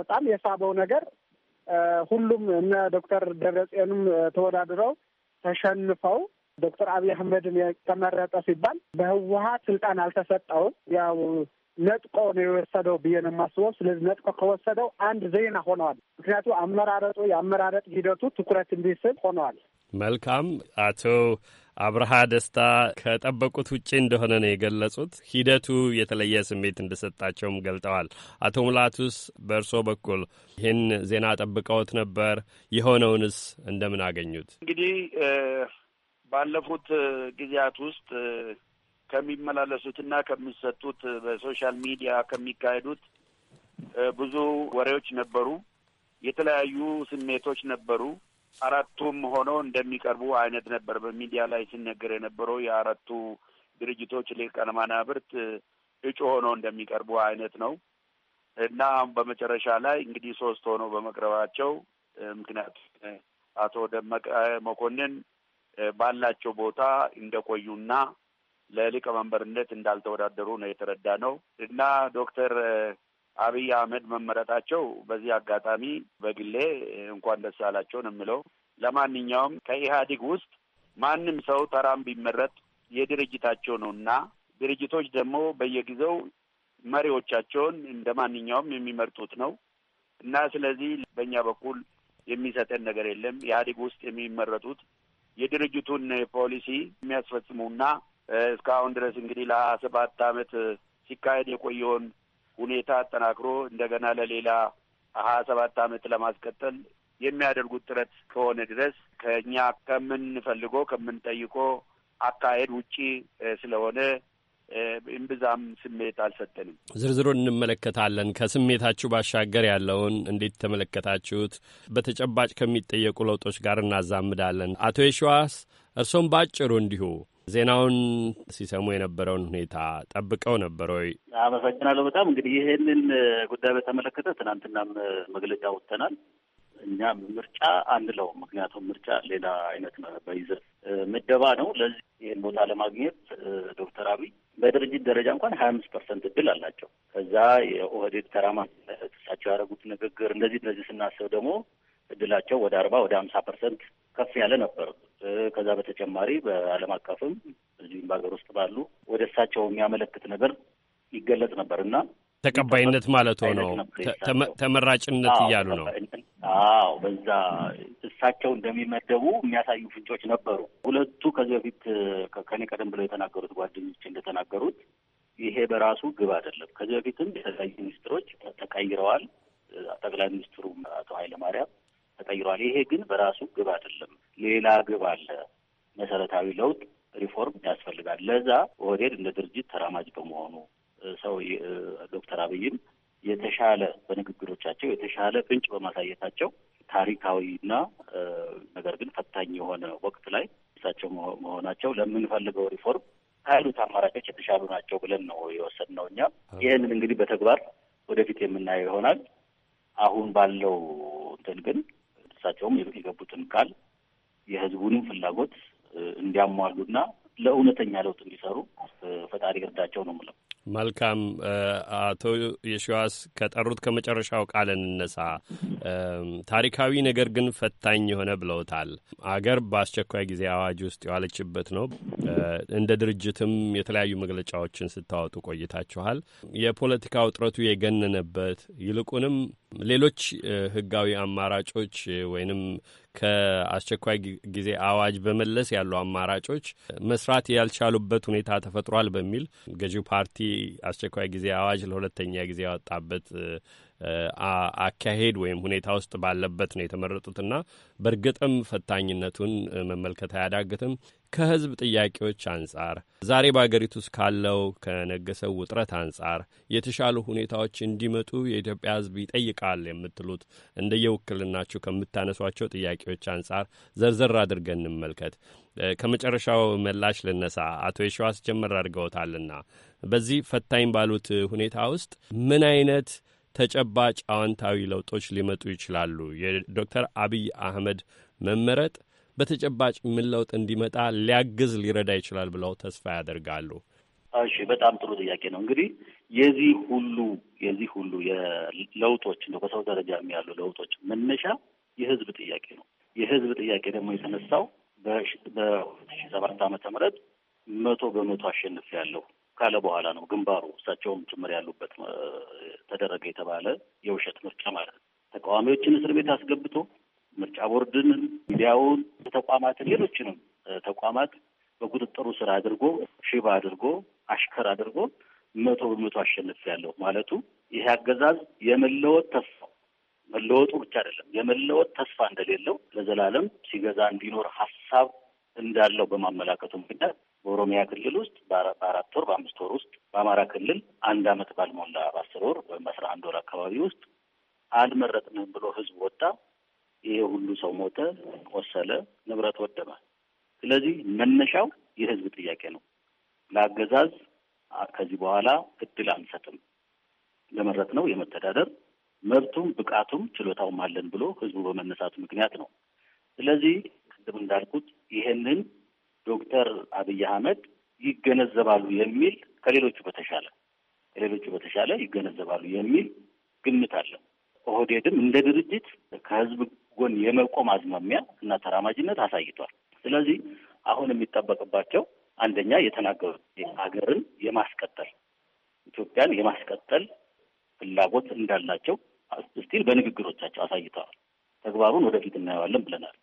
በጣም የሳበው ነገር ሁሉም እነ ዶክተር ደብረጽዮንም ተወዳድረው ተሸንፈው ዶክተር አብይ አህመድን የተመረጠ ሲባል በህወሀት ስልጣን አልተሰጠውም ያው ነጥቆ ነው የወሰደው ብዬ ነው የማስበው። ስለዚህ ነጥቆ ከወሰደው አንድ ዜና ሆነዋል። ምክንያቱ አመራረጡ የአመራረጥ ሂደቱ ትኩረት እንዲስብ ሆነዋል። መልካም አቶ አብርሃ ደስታ ከጠበቁት ውጪ እንደሆነ ነው የገለጹት። ሂደቱ የተለየ ስሜት እንደሰጣቸውም ገልጠዋል። አቶ ሙላቱስ በእርሶ በኩል ይህን ዜና ጠብቀውት ነበር? የሆነውንስ እንደምን አገኙት? እንግዲህ ባለፉት ጊዜያት ውስጥ ከሚመላለሱትና ከሚሰጡት በሶሻል ሚዲያ ከሚካሄዱት ብዙ ወሬዎች ነበሩ። የተለያዩ ስሜቶች ነበሩ። አራቱም ሆኖ እንደሚቀርቡ አይነት ነበር በሚዲያ ላይ ሲነገር የነበረው። የአራቱ ድርጅቶች ሊቃነ መናብርት እጩ ሆኖ እንደሚቀርቡ አይነት ነው እና በመጨረሻ ላይ እንግዲህ ሶስት ሆኖ በመቅረባቸው ምክንያቱ አቶ ደመቀ መኮንን ባላቸው ቦታ እንደቆዩና ለሊቀመንበርነት እንዳልተወዳደሩ ነው የተረዳ ነው እና ዶክተር አብይ አህመድ መመረጣቸው በዚህ አጋጣሚ በግሌ እንኳን ደስ ነው የምለው ለማንኛውም ከኢህአዲግ ውስጥ ማንም ሰው ተራም ቢመረጥ የድርጅታቸው ነው እና ድርጅቶች ደግሞ በየጊዜው መሪዎቻቸውን እንደ ማንኛውም የሚመርጡት ነው እና ስለዚህ በእኛ በኩል የሚሰጠን ነገር የለም። ኢህአዴግ ውስጥ የሚመረጡት የድርጅቱን ፖሊሲ የሚያስፈጽሙና እስካሁን ድረስ እንግዲህ ለሀያ ሰባት አመት ሲካሄድ የቆየውን ሁኔታ አጠናክሮ እንደገና ለሌላ ሀያ ሰባት አመት ለማስቀጠል የሚያደርጉት ጥረት ከሆነ ድረስ ከእኛ ከምንፈልጎ ከምንጠይቆ አካሄድ ውጪ ስለሆነ እምብዛም ስሜት አልሰጠንም። ዝርዝሩን እንመለከታለን። ከስሜታችሁ ባሻገር ያለውን እንዴት ተመለከታችሁት? በተጨባጭ ከሚጠየቁ ለውጦች ጋር እናዛምዳለን። አቶ የሸዋስ እርሶም በአጭሩ እንዲሁ ዜናውን ሲሰሙ የነበረውን ሁኔታ ጠብቀው ነበር ወይ? አመሰግናለሁ። በጣም እንግዲህ ይህንን ጉዳይ በተመለከተ ትናንትናም መግለጫ ወጥተናል። እኛም ምርጫ አንለው፣ ምክንያቱም ምርጫ ሌላ አይነት ነው፣ በይዘት ምደባ ነው። ለዚህ ይህን ቦታ ለማግኘት ዶክተር አብይ በድርጅት ደረጃ እንኳን ሀያ አምስት ፐርሰንት እድል አላቸው። ከዛ የኦህዴድ ተራማ እሳቸው ያደረጉት ንግግር እንደዚህ እንደዚህ ስናስብ ደግሞ እድላቸው ወደ አርባ ወደ ሀምሳ ፐርሰንት ከፍ ያለ ነበር። ከዛ በተጨማሪ በዓለም አቀፍም እዚሁም በሀገር ውስጥ ባሉ ወደ እሳቸው የሚያመለክት ነገር ይገለጽ ነበር እና ተቀባይነት ማለት ሆነው ተመራጭነት እያሉ ነው። አዎ በዛ እሳቸው እንደሚመደቡ የሚያሳዩ ፍንጮች ነበሩ። ሁለቱ ከዚህ በፊት ከኔ ቀደም ብለው የተናገሩት ጓደኞች እንደተናገሩት ይሄ በራሱ ግብ አይደለም። ከዚህ በፊትም የተለያዩ ሚኒስትሮች ተቀይረዋል። ጠቅላይ ሚኒስትሩ አቶ ኃይለማርያም ተቀይሯል። ይሄ ግን በራሱ ግብ አይደለም። ሌላ ግብ አለ። መሰረታዊ ለውጥ ሪፎርም ያስፈልጋል። ለዛ ኦህዴድ እንደ ድርጅት ተራማጅ በመሆኑ ሰው ዶክተር አብይም የተሻለ በንግግሮቻቸው የተሻለ ፍንጭ በማሳየታቸው ታሪካዊና ነገር ግን ፈታኝ የሆነ ወቅት ላይ እሳቸው መሆናቸው ለምንፈልገው ሪፎርም ካሉት አማራጮች የተሻሉ ናቸው ብለን ነው የወሰድነው እኛ። ይህንን እንግዲህ በተግባር ወደፊት የምናየው ይሆናል። አሁን ባለው እንትን ግን እሳቸውም የገቡትን ቃል የህዝቡንም ፍላጎት እንዲያሟሉና ለእውነተኛ ለውጥ እንዲሰሩ ፈጣሪ እርዳቸው ነው ምለው። መልካም አቶ የሸዋስ ከጠሩት ከመጨረሻው ቃል እንነሳ። ታሪካዊ ነገር ግን ፈታኝ የሆነ ብለውታል። አገር በአስቸኳይ ጊዜ አዋጅ ውስጥ የዋለችበት ነው። እንደ ድርጅትም የተለያዩ መግለጫዎችን ስታወጡ ቆይታችኋል። የፖለቲካ ውጥረቱ የገነነበት ይልቁንም ሌሎች ህጋዊ አማራጮች ወይንም ከአስቸኳይ ጊዜ አዋጅ በመለስ ያሉ አማራጮች መስራት ያልቻሉበት ሁኔታ ተፈጥሯል በሚል ገዢው ፓርቲ አስቸኳይ ጊዜ አዋጅ ለሁለተኛ ጊዜ ያወጣበት አካሄድ ወይም ሁኔታ ውስጥ ባለበት ነው የተመረጡትና በእርግጥም ፈታኝነቱን መመልከት አያዳግትም። ከህዝብ ጥያቄዎች አንጻር ዛሬ በአገሪቱ ውስጥ ካለው ከነገሰው ውጥረት አንጻር የተሻሉ ሁኔታዎች እንዲመጡ የኢትዮጵያ ህዝብ ይጠይቃል የምትሉት የውክልናችሁ ከምታነሷቸው ጥያቄዎች አንጻር ዘርዘር አድርገን እንመልከት። ከመጨረሻው መላሽ ልነሳ። አቶ የሸዋስ ጀመር አድርገውታልና በዚህ ፈታኝ ባሉት ሁኔታ ውስጥ ምን አይነት ተጨባጭ አዋንታዊ ለውጦች ሊመጡ ይችላሉ? የዶክተር አብይ አህመድ መመረጥ በተጨባጭ ምን ለውጥ እንዲመጣ ሊያግዝ ሊረዳ ይችላል ብለው ተስፋ ያደርጋሉ? እሺ፣ በጣም ጥሩ ጥያቄ ነው። እንግዲህ የዚህ ሁሉ የዚህ ሁሉ የለውጦች እንደው በሰው ደረጃ ያሉ ለውጦች መነሻ የህዝብ ጥያቄ ነው። የህዝብ ጥያቄ ደግሞ የተነሳው በሁለት ሺ ሰባት ዓመተ ምህረት መቶ በመቶ አሸንፍ ያለው ካለ በኋላ ነው። ግንባሩ እሳቸውም ጭምር ያሉበት ተደረገ የተባለ የውሸት ምርጫ ማለት ነው። ተቃዋሚዎችን እስር ቤት አስገብቶ ምርጫ ቦርድንም፣ ሚዲያውን፣ ተቋማትን፣ ሌሎችንም ተቋማት በቁጥጥሩ ስር አድርጎ ሽባ አድርጎ አሽከር አድርጎ መቶ በመቶ ያለው ማለቱ ይሄ አገዛዝ የመለወጥ ተስፋ መለወጡ ብቻ አይደለም የመለወጥ ተስፋ እንደሌለው ለዘላለም ሲገዛ እንዲኖር ሀሳብ እንዳለው በማመላከቱ ምክንያት በኦሮሚያ ክልል ውስጥ በአራት ወር በአምስት ወር ውስጥ በአማራ ክልል አንድ አመት ባልሞላ በአስር ወር ወይም በአስራ አንድ ወር አካባቢ ውስጥ አልመረጥንም ብሎ ህዝብ ወጣ። ይሄ ሁሉ ሰው ሞተ፣ ቆሰለ፣ ንብረት ወደመ። ስለዚህ መነሻው የህዝብ ጥያቄ ነው። ለአገዛዝ ከዚህ በኋላ እድል አንሰጥም፣ ለመረት ነው የመተዳደር መብቱም ብቃቱም ችሎታውም አለን ብሎ ህዝቡ በመነሳቱ ምክንያት ነው። ስለዚህ ቅድም እንዳልኩት ይሄንን ዶክተር አብይ አህመድ ይገነዘባሉ የሚል ከሌሎቹ በተሻለ ከሌሎቹ በተሻለ ይገነዘባሉ የሚል ግምት አለ። ኦህዴድም እንደ ድርጅት ከህዝብ ጎን የመቆም አዝማሚያ እና ተራማጅነት አሳይቷል። ስለዚህ አሁን የሚጠበቅባቸው አንደኛ የተናገሩት ሀገርን የማስቀጠል ኢትዮጵያን የማስቀጠል ፍላጎት እንዳላቸው ስቲል በንግግሮቻቸው አሳይተዋል። ተግባሩን ወደፊት እናየዋለን ብለናል።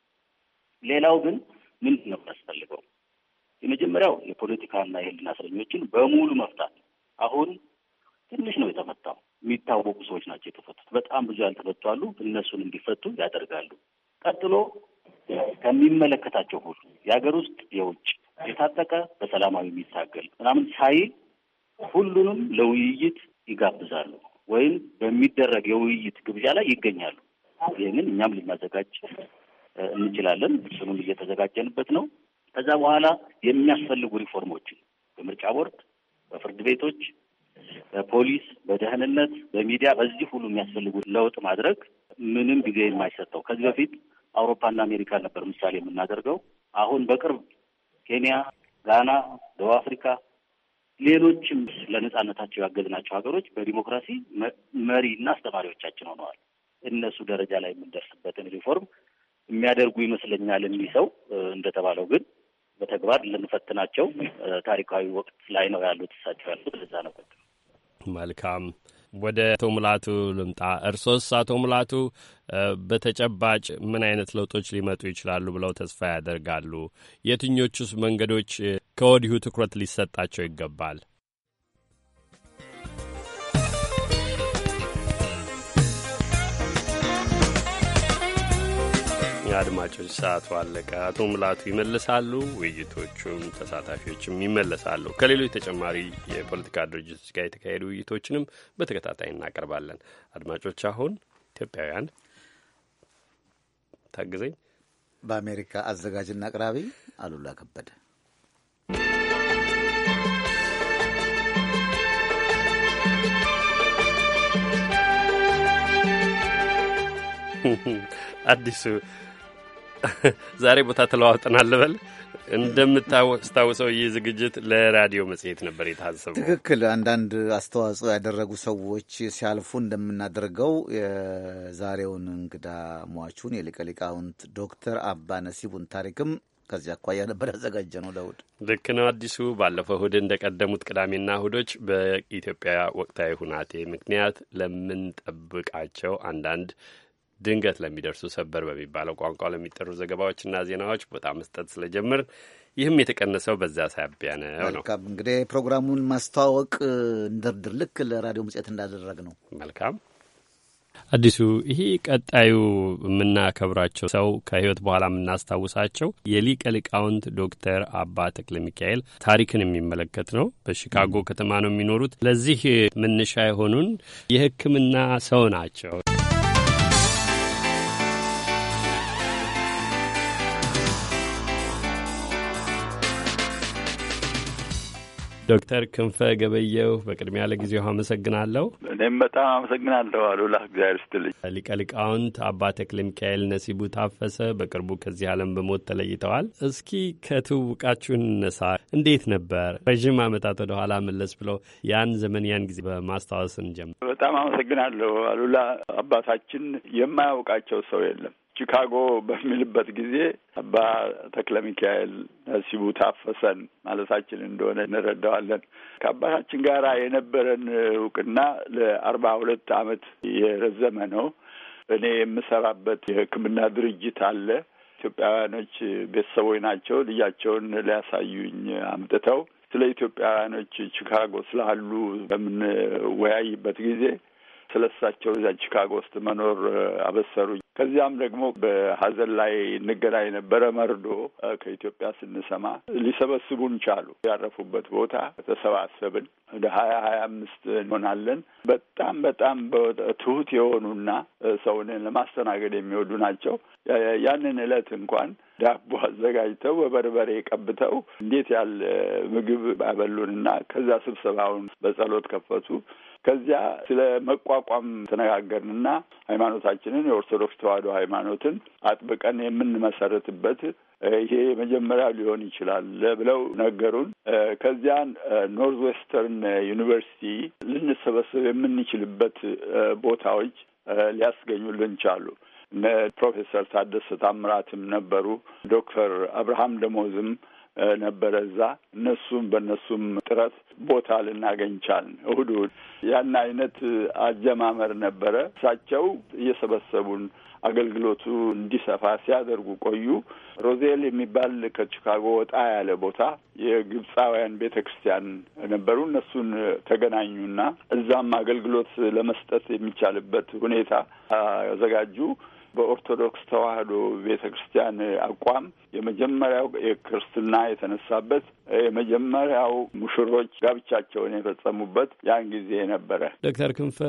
ሌላው ግን ምንድን ነው የሚያስፈልገው? የመጀመሪያው የፖለቲካና የህልና እስረኞችን በሙሉ መፍታት። አሁን ትንሽ ነው የተፈታው። የሚታወቁ ሰዎች ናቸው የተፈቱት። በጣም ብዙ ያልተፈቱ አሉ። እነሱን እንዲፈቱ ያደርጋሉ። ቀጥሎ ከሚመለከታቸው ሁሉ የሀገር ውስጥ የውጭ የታጠቀ በሰላማዊ የሚታገል ምናምን ሳይል ሁሉንም ለውይይት ይጋብዛሉ ወይም በሚደረግ የውይይት ግብዣ ላይ ይገኛሉ። ይህንን እኛም ልናዘጋጅ እንችላለን። እሱንም እየተዘጋጀንበት ነው። ከዛ በኋላ የሚያስፈልጉ ሪፎርሞችን በምርጫ ቦርድ፣ በፍርድ ቤቶች በፖሊስ፣ በደህንነት፣ በሚዲያ በዚህ ሁሉ የሚያስፈልጉ ለውጥ ማድረግ ምንም ጊዜ የማይሰጠው ከዚህ በፊት አውሮፓና አሜሪካ ነበር ምሳሌ የምናደርገው። አሁን በቅርብ ኬንያ፣ ጋና፣ ደቡብ አፍሪካ ሌሎችም ለነጻነታቸው ያገዝናቸው ሀገሮች በዲሞክራሲ መሪና አስተማሪዎቻችን ሆነዋል። እነሱ ደረጃ ላይ የምንደርስበትን ሪፎርም የሚያደርጉ ይመስለኛል። እንዲህ ሰው እንደተባለው ግን በተግባር ልንፈትናቸው ታሪካዊ ወቅት ላይ ነው ያሉት እሳቸው ያሉት ለዛ ነው መልካም ወደ አቶ ሙላቱ ልምጣ። እርሶስ አቶ ሙላቱ በተጨባጭ ምን አይነት ለውጦች ሊመጡ ይችላሉ ብለው ተስፋ ያደርጋሉ? የትኞቹስ መንገዶች ከወዲሁ ትኩረት ሊሰጣቸው ይገባል? አድማጮች ሰዓቱ አለቀ። አቶ ሙላቱ ይመልሳሉ፣ ውይይቶቹም ተሳታፊዎችም ይመለሳሉ። ከሌሎች ተጨማሪ የፖለቲካ ድርጅቶች ጋር የተካሄዱ ውይይቶችንም በተከታታይ እናቀርባለን። አድማጮች አሁን ኢትዮጵያውያን ታግዘኝ በአሜሪካ አዘጋጅና አቅራቢ አሉላ ከበደ አዲሱ ዛሬ ቦታ ተለዋውጠናል ልበል። እንደምታስታውሰው ይህ ዝግጅት ለራዲዮ መጽሔት ነበር የታሰበው። ትክክል። አንዳንድ አስተዋጽኦ ያደረጉ ሰዎች ሲያልፉ እንደምናደርገው የዛሬውን እንግዳ ሟቹን የሊቀ ሊቃውንት ዶክተር አባ ነሲቡን ታሪክም ከዚህ አኳያ ነበር ያዘጋጀ ነው። ለእሁድ ልክ ነው። አዲሱ ባለፈው እሁድ እንደቀደሙት ቅዳሜና እሁዶች በኢትዮጵያ ወቅታዊ ሁናቴ ምክንያት ለምንጠብቃቸው አንዳንድ ድንገት ለሚደርሱ ሰበር በሚባለው ቋንቋ ለሚጠሩ ዘገባዎችና ዜናዎች ቦታ መስጠት ስለጀምር ይህም የተቀነሰው በዛ ሳቢያ ነው ነው። እንግዲህ ፕሮግራሙን ማስተዋወቅ እንደርድር፣ ልክ ለራዲዮ መጽሔት እንዳደረግ ነው። መልካም አዲሱ፣ ይሄ ቀጣዩ የምናከብራቸው ሰው ከህይወት በኋላ የምናስታውሳቸው የሊቀ ሊቃውንት ዶክተር አባ ተክለ ሚካኤል ታሪክን የሚመለከት ነው። በሺካጎ ከተማ ነው የሚኖሩት። ለዚህ መነሻ የሆኑን የሕክምና ሰው ናቸው። ዶክተር ክንፈ ገበየሁ በቅድሚያ ለጊዜው አመሰግናለሁ። እኔም በጣም አመሰግናለሁ አሉላ። እግዚአብሔር ስትልኝ። ሊቀ ሊቃውንት አባ ተክለ ሚካኤል ነሲቡ ታፈሰ በቅርቡ ከዚህ ዓለም በሞት ተለይተዋል። እስኪ ከትውውቃችሁ እንነሳ። እንዴት ነበር? ረዥም ዓመታት ወደ ኋላ መለስ ብለው ያን ዘመን ያን ጊዜ በማስታወስ እንጀምር። በጣም አመሰግናለሁ አሉላ። አባታችን የማያውቃቸው ሰው የለም ቺካጎ በሚልበት ጊዜ አባ ተክለ ሚካኤል ነሲቡ ታፈሰን ማለታችን እንደሆነ እንረዳዋለን። ከአባታችን ጋር የነበረን እውቅና ለአርባ ሁለት አመት የረዘመ ነው። እኔ የምሰራበት የሕክምና ድርጅት አለ። ኢትዮጵያውያኖች ቤተሰቦች ናቸው። ልጃቸውን ሊያሳዩኝ አምጥተው ስለ ኢትዮጵያውያኖች ቺካጎ ስላሉ በምንወያይበት ጊዜ ስለሳቸው እሳቸው እዛ ቺካጎ ውስጥ መኖር አበሰሩ። ከዚያም ደግሞ በሀዘን ላይ እንገናኝ ነበረ። መርዶ ከኢትዮጵያ ስንሰማ ሊሰበስቡን ቻሉ። ያረፉበት ቦታ ተሰባሰብን። ወደ ሀያ ሀያ አምስት እንሆናለን። በጣም በጣም ትሁት የሆኑና ሰውን ለማስተናገድ የሚወዱ ናቸው። ያንን እለት እንኳን ዳቦ አዘጋጅተው በበርበሬ ቀብተው እንዴት ያለ ምግብ አበሉንና ከዛ ስብሰባውን በጸሎት ከፈቱ። ከዚያ ስለ መቋቋም ተነጋገርንና ሃይማኖታችንን የኦርቶዶክስ ተዋህዶ ሃይማኖትን አጥብቀን የምንመሰርትበት ይሄ መጀመሪያ ሊሆን ይችላል ብለው ነገሩን። ከዚያ ኖርዝ ዌስተርን ዩኒቨርሲቲ ልንሰበሰብ የምንችልበት ቦታዎች ሊያስገኙልን ቻሉ። ፕሮፌሰር ታደሰ ታምራትም ነበሩ። ዶክተር አብርሃም ደሞዝም ነበረ እዛ እነሱም በእነሱም ጥረት ቦታ ልናገኝ ቻልን። እሁድ እሁድ ያን አይነት አጀማመር ነበረ። እሳቸው እየሰበሰቡን አገልግሎቱ እንዲሰፋ ሲያደርጉ ቆዩ። ሮዜል የሚባል ከቺካጎ ወጣ ያለ ቦታ የግብፃውያን ቤተ ክርስቲያን ነበሩ። እነሱን ተገናኙና እዛም አገልግሎት ለመስጠት የሚቻልበት ሁኔታ አዘጋጁ። በኦርቶዶክስ ተዋህዶ ቤተ ክርስቲያን አቋም የመጀመሪያው ክርስትና የተነሳበት የመጀመሪያው ሙሽሮች ጋብቻቸውን የፈጸሙበት ያን ጊዜ ነበረ። ዶክተር ክንፈ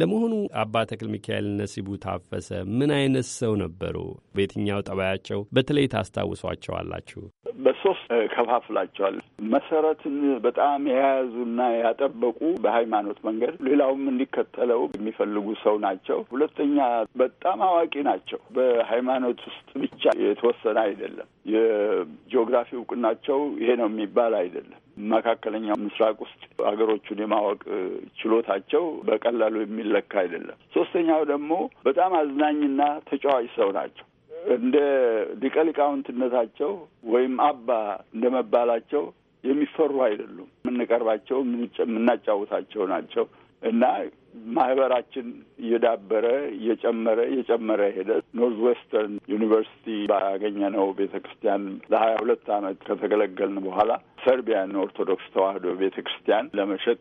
ለመሆኑ አባ ተክል ሚካኤል ነሲቡ ታፈሰ ምን አይነት ሰው ነበሩ? በየትኛው ጠባያቸው በተለይ ታስታውሷቸዋላችሁ? በሶስት ከፋፍላቸዋል። መሰረትን በጣም የያዙና ያጠበቁ በሃይማኖት መንገድ ሌላውም እንዲከተለው የሚፈልጉ ሰው ናቸው። ሁለተኛ በጣም አዋቂ ናቸው። በሃይማኖት ውስጥ ብቻ የተወሰነ አይደለም። የጂኦግራፊ እውቅናቸው ይሄ ነው የሚባል አይደለም። መካከለኛው ምስራቅ ውስጥ ሀገሮቹን የማወቅ ችሎታቸው በቀላሉ የሚለካ አይደለም። ሶስተኛው ደግሞ በጣም አዝናኝና ተጫዋች ሰው ናቸው። እንደ ሊቀ ሊቃውንትነታቸው ወይም አባ እንደ መባላቸው የሚፈሩ አይደሉም። የምንቀርባቸው የምናጫውታቸው ናቸው እና ማህበራችን እየዳበረ እየጨመረ እየጨመረ ሄደ። ኖርዝ ዌስተርን ዩኒቨርሲቲ ባገኘነው ቤተ ክርስቲያን ለሀያ ሁለት ዓመት ከተገለገልን በኋላ ሰርቢያን ኦርቶዶክስ ተዋህዶ ቤተ ክርስቲያን ለመሸጥ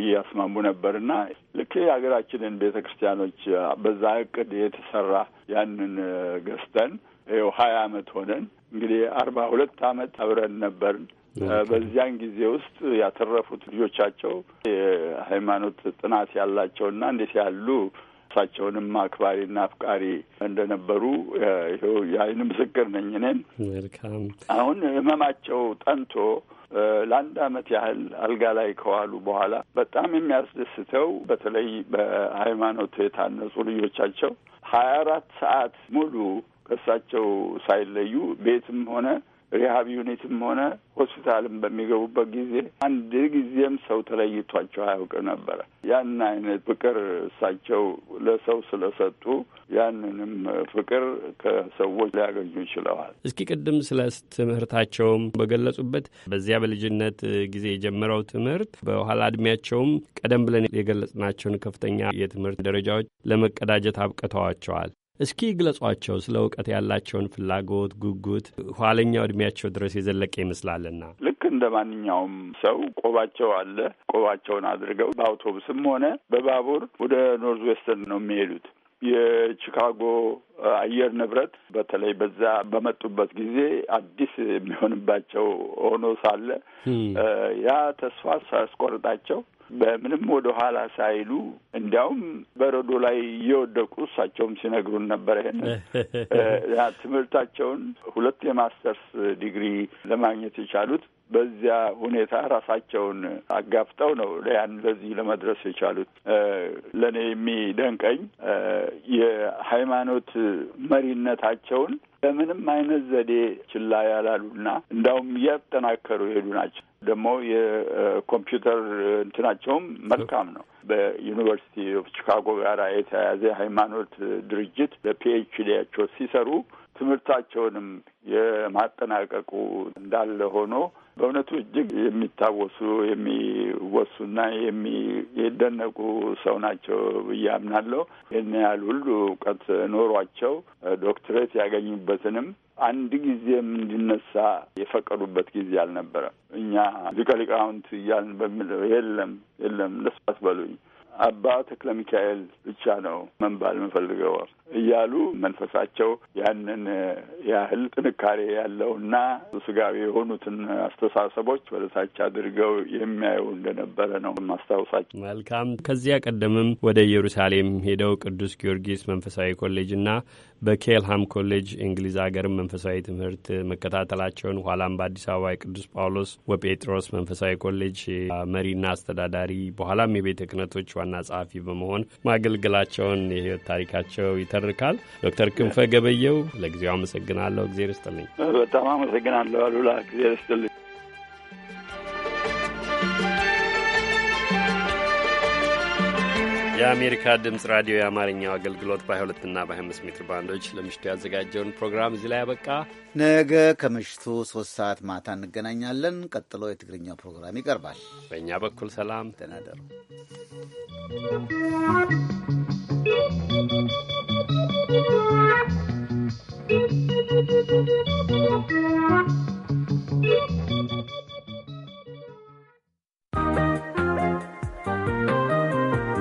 እያስማሙ ነበርና ልክ የሀገራችንን ቤተ ክርስቲያኖች በዛ እቅድ የተሰራ ያንን ገዝተን ይኸው ሀያ ዓመት ሆነን እንግዲህ አርባ ሁለት ዓመት አብረን ነበርን። በዚያን ጊዜ ውስጥ ያተረፉት ልጆቻቸው የሃይማኖት ጥናት ያላቸውና እንዴት ያሉ እሳቸውንም አክባሪና አፍቃሪ እንደነበሩ ይኸው የአይን ምስክር ነኝ። መልካም አሁን ህመማቸው ጠንቶ ለአንድ አመት ያህል አልጋ ላይ ከዋሉ በኋላ በጣም የሚያስደስተው በተለይ በሃይማኖት የታነጹ ልጆቻቸው ሀያ አራት ሰዓት ሙሉ ከእሳቸው ሳይለዩ ቤትም ሆነ ሪሀብ ዩኒትም ሆነ ሆስፒታልም በሚገቡበት ጊዜ አንድ ጊዜም ሰው ተለይቷቸው አያውቅ ነበረ። ያን አይነት ፍቅር እሳቸው ለሰው ስለሰጡ ያንንም ፍቅር ከሰዎች ሊያገኙ ችለዋል። እስኪ ቅድም ስለ ትምህርታቸውም በገለጹበት በዚያ በልጅነት ጊዜ የጀመረው ትምህርት በኋላ እድሜያቸውም ቀደም ብለን የገለጽናቸውን ከፍተኛ የትምህርት ደረጃዎች ለመቀዳጀት አብቅተዋቸዋል። እስኪ ግለጿቸው። ስለ እውቀት ያላቸውን ፍላጎት፣ ጉጉት ኋለኛው እድሜያቸው ድረስ የዘለቀ ይመስላልና ልክ እንደ ማንኛውም ሰው ቆባቸው አለ። ቆባቸውን አድርገው በአውቶቡስም ሆነ በባቡር ወደ ኖርዝ ዌስተርን ነው የሚሄዱት። የቺካጎ አየር ንብረት በተለይ በዛ በመጡበት ጊዜ አዲስ የሚሆንባቸው ሆኖ ሳለ ያ ተስፋ ሳያስቆርጣቸው በምንም ወደ ኋላ ሳይሉ እንዲያውም በረዶ ላይ እየወደቁ እሳቸውም ሲነግሩን ነበር። ይሄን ትምህርታቸውን ሁለት የማስተርስ ዲግሪ ለማግኘት የቻሉት በዚያ ሁኔታ ራሳቸውን አጋፍጠው ነው ያን ለዚህ ለመድረስ የቻሉት። ለእኔ የሚደንቀኝ የሃይማኖት መሪነታቸውን በምንም አይነት ዘዴ ችላ ያላሉና እንዳውም እያጠናከሩ የሄዱ ናቸው። ደግሞ የኮምፒውተር እንትናቸውም መልካም ነው። በዩኒቨርሲቲ ኦፍ ቺካጎ ጋር የተያያዘ ሃይማኖት ድርጅት ለፒኤችዲያቸው ሲሰሩ ትምህርታቸውንም የማጠናቀቁ እንዳለ ሆኖ በእውነቱ እጅግ የሚታወሱ የሚወሱና የሚደነቁ ሰው ናቸው ብዬ አምናለሁ። ይህን ያህል ሁሉ እውቀት ኖሯቸው ዶክትሬት ያገኙበትንም አንድ ጊዜም እንዲነሳ የፈቀዱበት ጊዜ አልነበረም። እኛ ሊቀ ሊቃውንት እያልን በሚለው የለም የለም ለስፋት በሉኝ አባ ተክለ ሚካኤል ብቻ ነው መንባል የምፈልገው እያሉ መንፈሳቸው ያንን ያህል ጥንካሬ ያለውና ስጋዊ የሆኑትን አስተሳሰቦች ወደታች አድርገው የሚያዩ እንደነበረ ነው ማስታወሳቸው። መልካም። ከዚያ ቀደምም ወደ ኢየሩሳሌም ሄደው ቅዱስ ጊዮርጊስ መንፈሳዊ ኮሌጅና በኬልሃም ኮሌጅ እንግሊዝ ሀገርም መንፈሳዊ ትምህርት መከታተላቸውን ኋላም በአዲስ አበባ የቅዱስ ጳውሎስ ወጴጥሮስ መንፈሳዊ ኮሌጅ መሪና አስተዳዳሪ በኋላም የቤተ ክህነቶች ዋና ጸሐፊ በመሆን ማገልገላቸውን የህይወት ታሪካቸው ይተርካል። ዶክተር ክንፈ ገበየው ለጊዜው አመሰግናለሁ። እግዜር ስጥልኝ። በጣም አመሰግናለሁ አሉላ። እግዜር ስጥልኝ። የአሜሪካ ድምፅ ራዲዮ የአማርኛው አገልግሎት በ22 እና በ25 ሜትር ባንዶች ለምሽቱ ያዘጋጀውን ፕሮግራም እዚህ ላይ ያበቃ። ነገ ከምሽቱ ሶስት ሰዓት ማታ እንገናኛለን። ቀጥሎ የትግርኛው ፕሮግራም ይቀርባል። በእኛ በኩል ሰላም ተናደሩ።